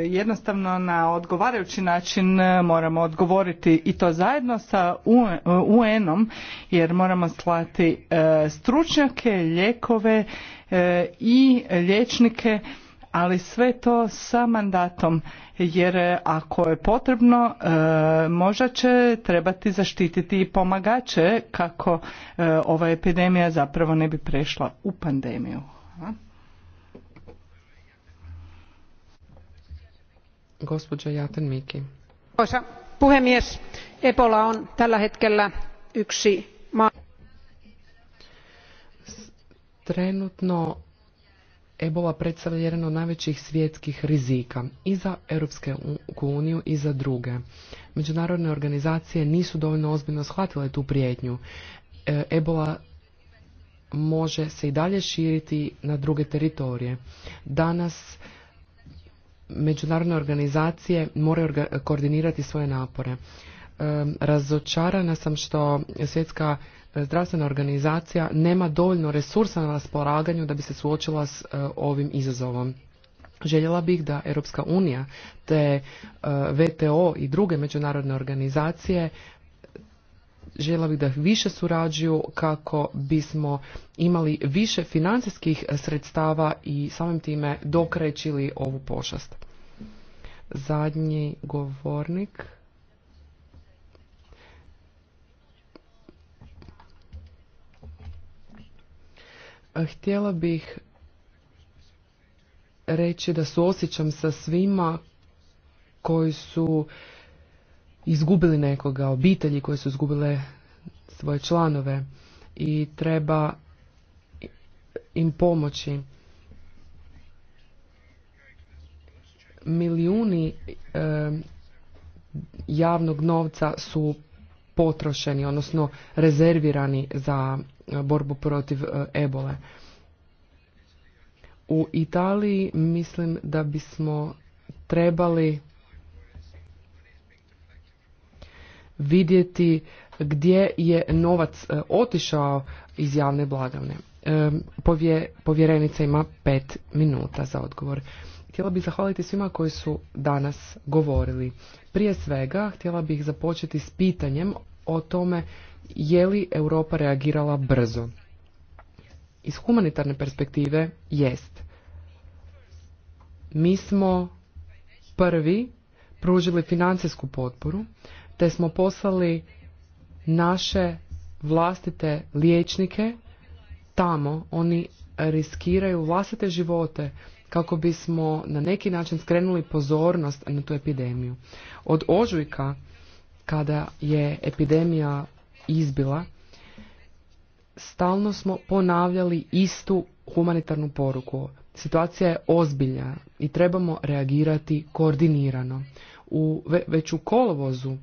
jednostavno na odgovarajući način e, moramo odgovoriti i to zajedno sa UN-om jer moramo slati stručnjake, ljekove i liječnike ali sve to sa mandatom jer ako je potrebno možda će trebati zaštititi i pomagače kako ova epidemija zapravo ne bi prešla u pandemiju. Jaten Miki. Arvoisa Ebola on tällä hetkellä yksi Trenutno Ebola predstavlja jedan od najvećih svjetskih rizika i za Europske uniju i za druge. Međunarodne organizacije nisu dovoljno ozbiljno shvatile tu prijetnju. E, Ebola može se i dalje širiti na druge teritorije. Danas međunarodne organizacije moraju koordinirati svoje napore. Razočarana sam što svjetska e, zdravstvena organizacija nema dovoljno resursa na raspolaganju da bi se suočila s e, ovim izazovom. Željela bih da Europska unija te e, VTO i druge međunarodne organizacije žela bih da više surađuju kako bismo imali više financijskih sredstava i samim time dokrećili ovu pošast. Zadnji govornik. Htjela bih reći da suosjećam sa svima koji su izgubili nekoga, obitelji koje su izgubile svoje članove i treba im pomoći. Milijuni javnog novca su potrošeni, odnosno rezervirani za e, borbu protiv e, ebole. U Italiji mislim da bismo trebali vidjeti gdje je novac e, otišao iz javne blagavne. E, povjerenica ima pet minuta za odgovor. Htjela bih zahvaliti svima koji su danas govorili. Prije svega htjela bih započeti s pitanjem o tome je li Europa reagirala brzo. Iz humanitarne perspektive jest. Mi smo prvi pružili financijsku potporu, te smo poslali naše vlastite liječnike tamo. Oni riskiraju vlastite živote kako bismo na neki način skrenuli pozornost na tu epidemiju. Od ožujka kada je epidemija izbila, stalno smo ponavljali istu humanitarnu poruku. Situacija je ozbiljna i trebamo reagirati koordinirano. U, već u kolovozu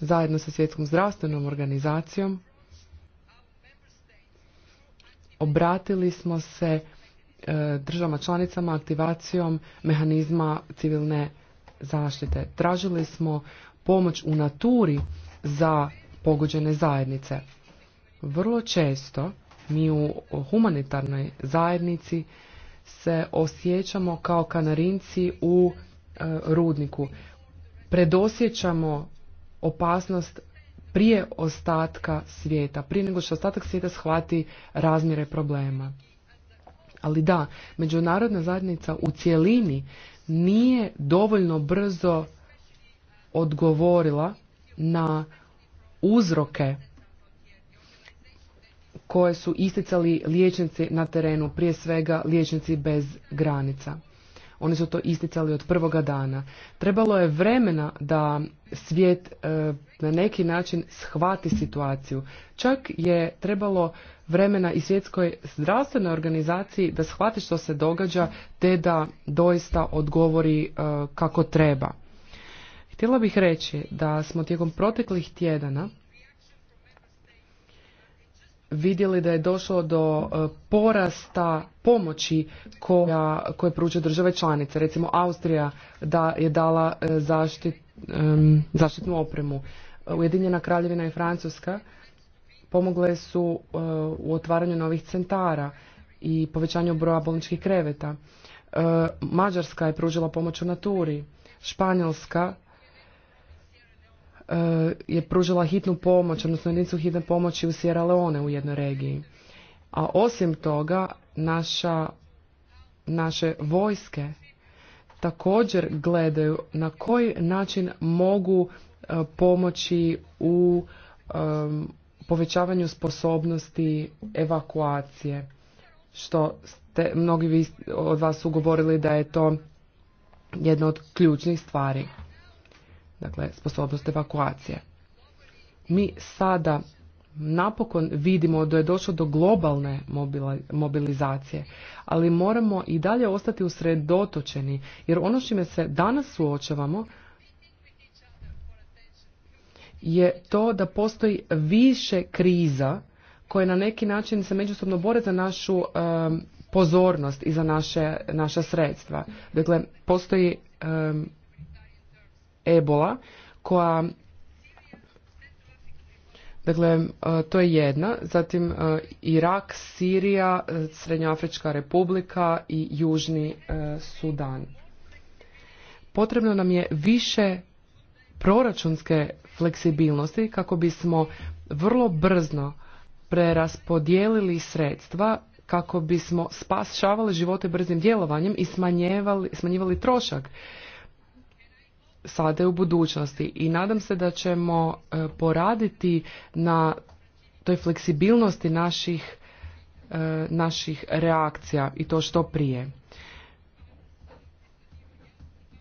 zajedno sa svjetskom zdravstvenom organizacijom obratili smo se e, državama članicama aktivacijom mehanizma civilne zaštite. Tražili smo pomoć u naturi za pogođene zajednice. Vrlo često mi u humanitarnoj zajednici se osjećamo kao kanarinci u e, rudniku. Predosjećamo opasnost prije ostatka svijeta, prije nego što ostatak svijeta shvati razmjere problema. Ali da, međunarodna zajednica u cjelini nije dovoljno brzo odgovorila na uzroke koje su isticali liječnici na terenu, prije svega liječnici bez granica. Oni su to isticali od prvoga dana. Trebalo je vremena da svijet e, na neki način shvati situaciju. Čak je trebalo vremena i svjetskoj zdravstvenoj organizaciji da shvati što se događa te da doista odgovori e, kako treba. Htjela bih reći da smo tijekom proteklih tjedana vidjeli da je došlo do e, porasta pomoći koja, koje pruče države članice. Recimo Austrija da je dala e, zaštit, zaštitnu opremu. Ujedinjena kraljevina i Francuska pomogle su e, u otvaranju novih centara i povećanju broja bolničkih kreveta. Mađarska je pružila pomoć u naturi. Španjolska Eh, je pružila hitnu pomoć, odnosno jedinicu hitne pomoći u Sierra Leone u jednoj regiji. A osim toga, naša, naše vojske također gledaju na koji način mogu eh, pomoći u povećavanju sposobnosti evakuacije, što ste, mnogi od vas su govorili da je to jedna od ključnih stvari dakle sposobnost evakuacije. Mi sada napokon vidimo da je došlo do globalne mobilizacije, ali moramo i dalje ostati usredotočeni, jer ono čime se danas suočavamo je to da postoji više kriza koje na neki način se međusobno bore za našu pozornost i za naše, naša sredstva. Dakle, postoji ebola koja Dakle, e, to je jedna, zatim e, Irak, Sirija, e, Srednjoafrička republika i Južni Sudan. Potrebno nam je više proračunske fleksibilnosti kako bismo vrlo brzo preraspodijelili sredstva kako bismo spašavali živote brzim djelovanjem i smanjivali trošak sada i u budućnosti i nadam se da ćemo e, poraditi na toj fleksibilnosti naših, e, naših reakcija i to što prije.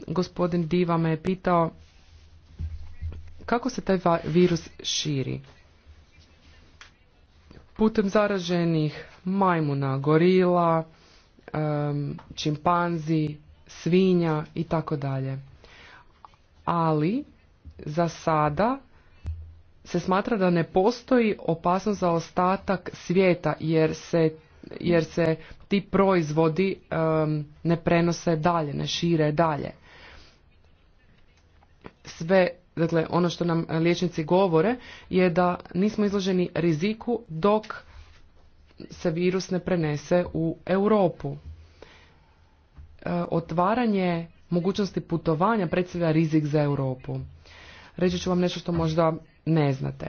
Gospodin Diva me je pitao kako se taj virus širi. Putem zaraženih majmuna, gorila, čimpanzi, svinja i tako dalje ali za sada se smatra da ne postoji opasnost za ostatak svijeta jer se, jer se ti proizvodi ne prenose dalje, ne šire dalje. Sve, dakle, ono što nam liječnici govore je da nismo izloženi riziku dok se virus ne prenese u Europu. E, otvaranje mogućnosti putovanja predstavlja rizik za Europu. Reći ću vam nešto što možda ne znate.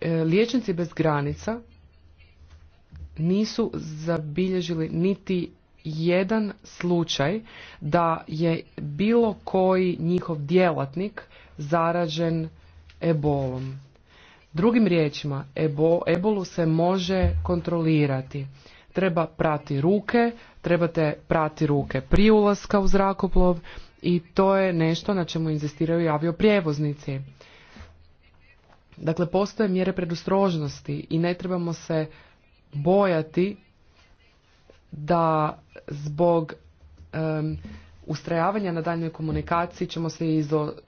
E, liječnici bez granica nisu zabilježili niti jedan slučaj da je bilo koji njihov djelatnik zaražen ebolom. Drugim riječima, ebolu se može kontrolirati. Treba prati ruke, trebate prati ruke prije ulaska u zrakoplov i to je nešto na čemu inzistiraju i avioprijevoznici. Dakle, postoje mjere predustrožnosti i ne trebamo se bojati da zbog ustrajavanja na daljnjoj komunikaciji ćemo se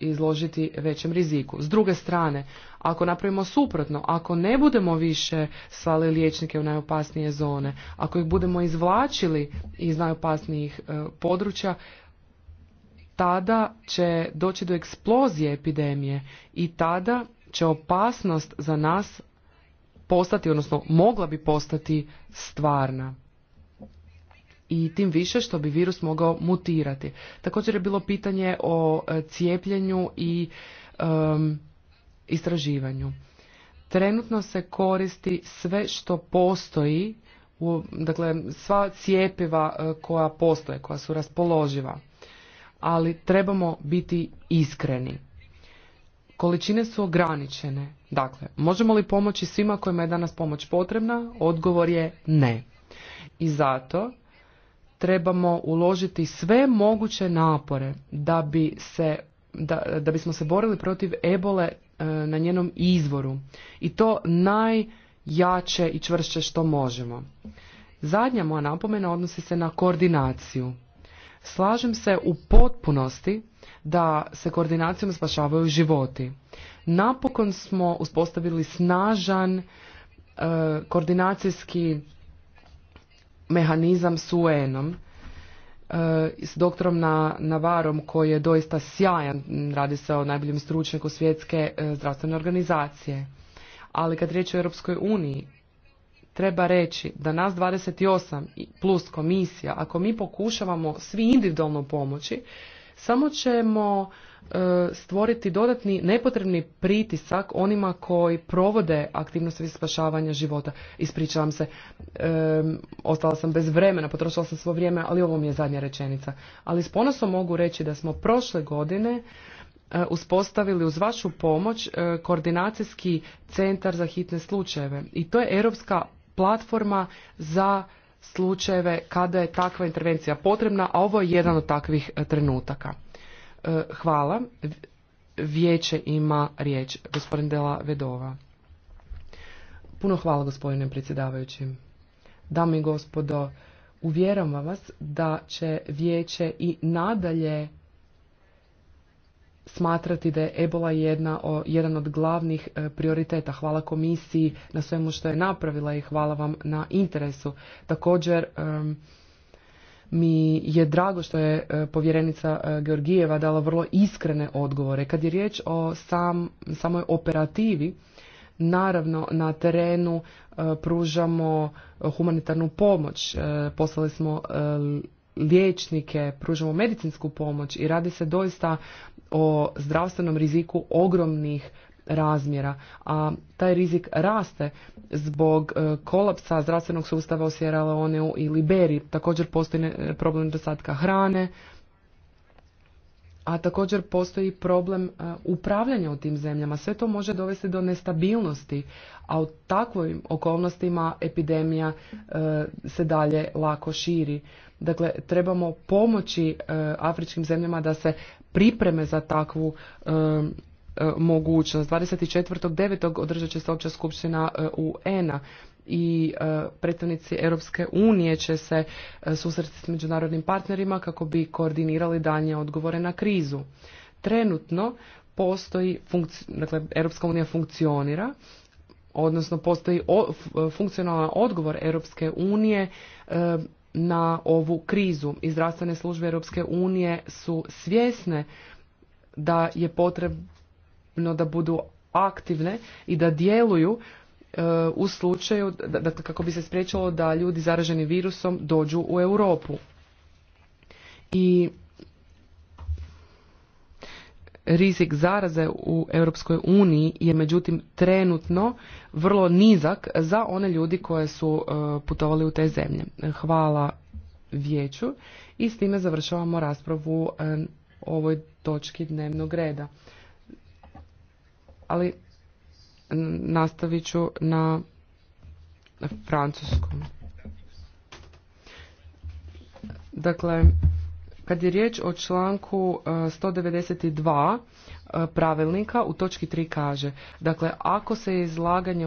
izložiti većem riziku. S druge strane, ako napravimo suprotno, ako ne budemo više slali liječnike u najopasnije zone, ako ih budemo izvlačili iz najopasnijih e, područja, tada će doći do eksplozije epidemije i tada će opasnost za nas postati, odnosno mogla bi postati stvarna. I tim više što bi virus mogao mutirati. Također je bilo pitanje o e, cijepljenju i istraživanju. Trenutno se koristi sve što postoji, dakle sva cijepiva e, koja postoje, koja su raspoloživa. Ali trebamo biti iskreni. Količine su ograničene. Dakle, možemo li pomoći svima kojima je danas pomoć potrebna? Odgovor je ne. I zato trebamo uložiti sve moguće napore da bi se da bismo se borili protiv ebole E, na njenom izvoru i to najjače i čvršće što možemo. Zadnja moja napomena odnosi se na koordinaciju. Slažem se u potpunosti da se koordinacijom spašavaju životi. Napokon smo uspostavili snažan e, koordinacijski mehanizam s UN-om Eh, s doktorom Navarom koji je doista sjajan, radi se o najboljem stručnjaku svjetske eh, zdravstvene organizacije. Ali kad riječ o Europskoj uniji, treba reći da nas 28 plus komisija, ako mi pokušavamo svi individualno pomoći, samo ćemo e, stvoriti dodatni nepotrebni pritisak onima koji provode aktivnosti spašavanja života. Ispričavam se, e, ostala sam bez vremena, potrošila sam svo vrijeme, ali ovo mi je zadnja rečenica. Ali s ponosom mogu reći da smo prošle godine e, uspostavili uz vašu pomoć koordinacijski centar za hitne slučajeve i to je europska platforma za slučajeve kada je takva intervencija potrebna, a ovo je jedan od takvih e, trenutaka. E, hvala. Vijeće ima riječ. Gospodin Dela Vedova. Puno hvala gospodine predsjedavajući. Dame i gospodo, uvjeravam vas da će vijeće i nadalje smatrati da je Ebola jedna o, jedan od glavnih e, prioriteta. Hvala komisiji na svemu što je napravila i hvala vam na interesu. Također mi je drago što je e, povjerenica e, Georgijeva dala vrlo iskrene odgovore. Kad je riječ o samoj operativi, naravno na terenu pružamo humanitarnu pomoć. Poslali smo liječnike, pružamo medicinsku pomoć i radi se doista o zdravstvenom riziku ogromnih razmjera, a taj rizik raste zbog e, kolapsa zdravstvenog sustava u Sierra Leoneu i Liberiji. Također postoji problem dosadka hrane, a također postoji problem e, upravljanja u tim zemljama. Sve to može dovesti do nestabilnosti, a u takvim okolnostima epidemija e, se dalje lako širi. Dakle, trebamo pomoći e, afričkim zemljama da se pripreme za takvu mogućnost. 24.9. održat će se opća skupština UN-a i e, predstavnici Europske unije će se e, susresti s međunarodnim partnerima kako bi koordinirali danje odgovore na krizu. Trenutno postoji, dakle, Europska unija funkcionira, odnosno postoji funkcionalan odgovor Europske unije e, na ovu krizu. I zdravstvene službe Europske unije su svjesne da je potrebno da budu aktivne i da djeluju u slučaju, da, dakle, kako bi se spriječilo da ljudi zaraženi virusom dođu u Europu. I rizik zaraze u Europskoj uniji je međutim trenutno vrlo nizak za one ljudi koje su e, putovali u te zemlje. Hvala vijeću i s time završavamo raspravu e, o ovoj točki dnevnog reda. Ali nastavit ću na francuskom. Dakle, kad je riječ o članku 192 e, e, pravilnika, u točki 3 kaže, dakle, ako se izlaganje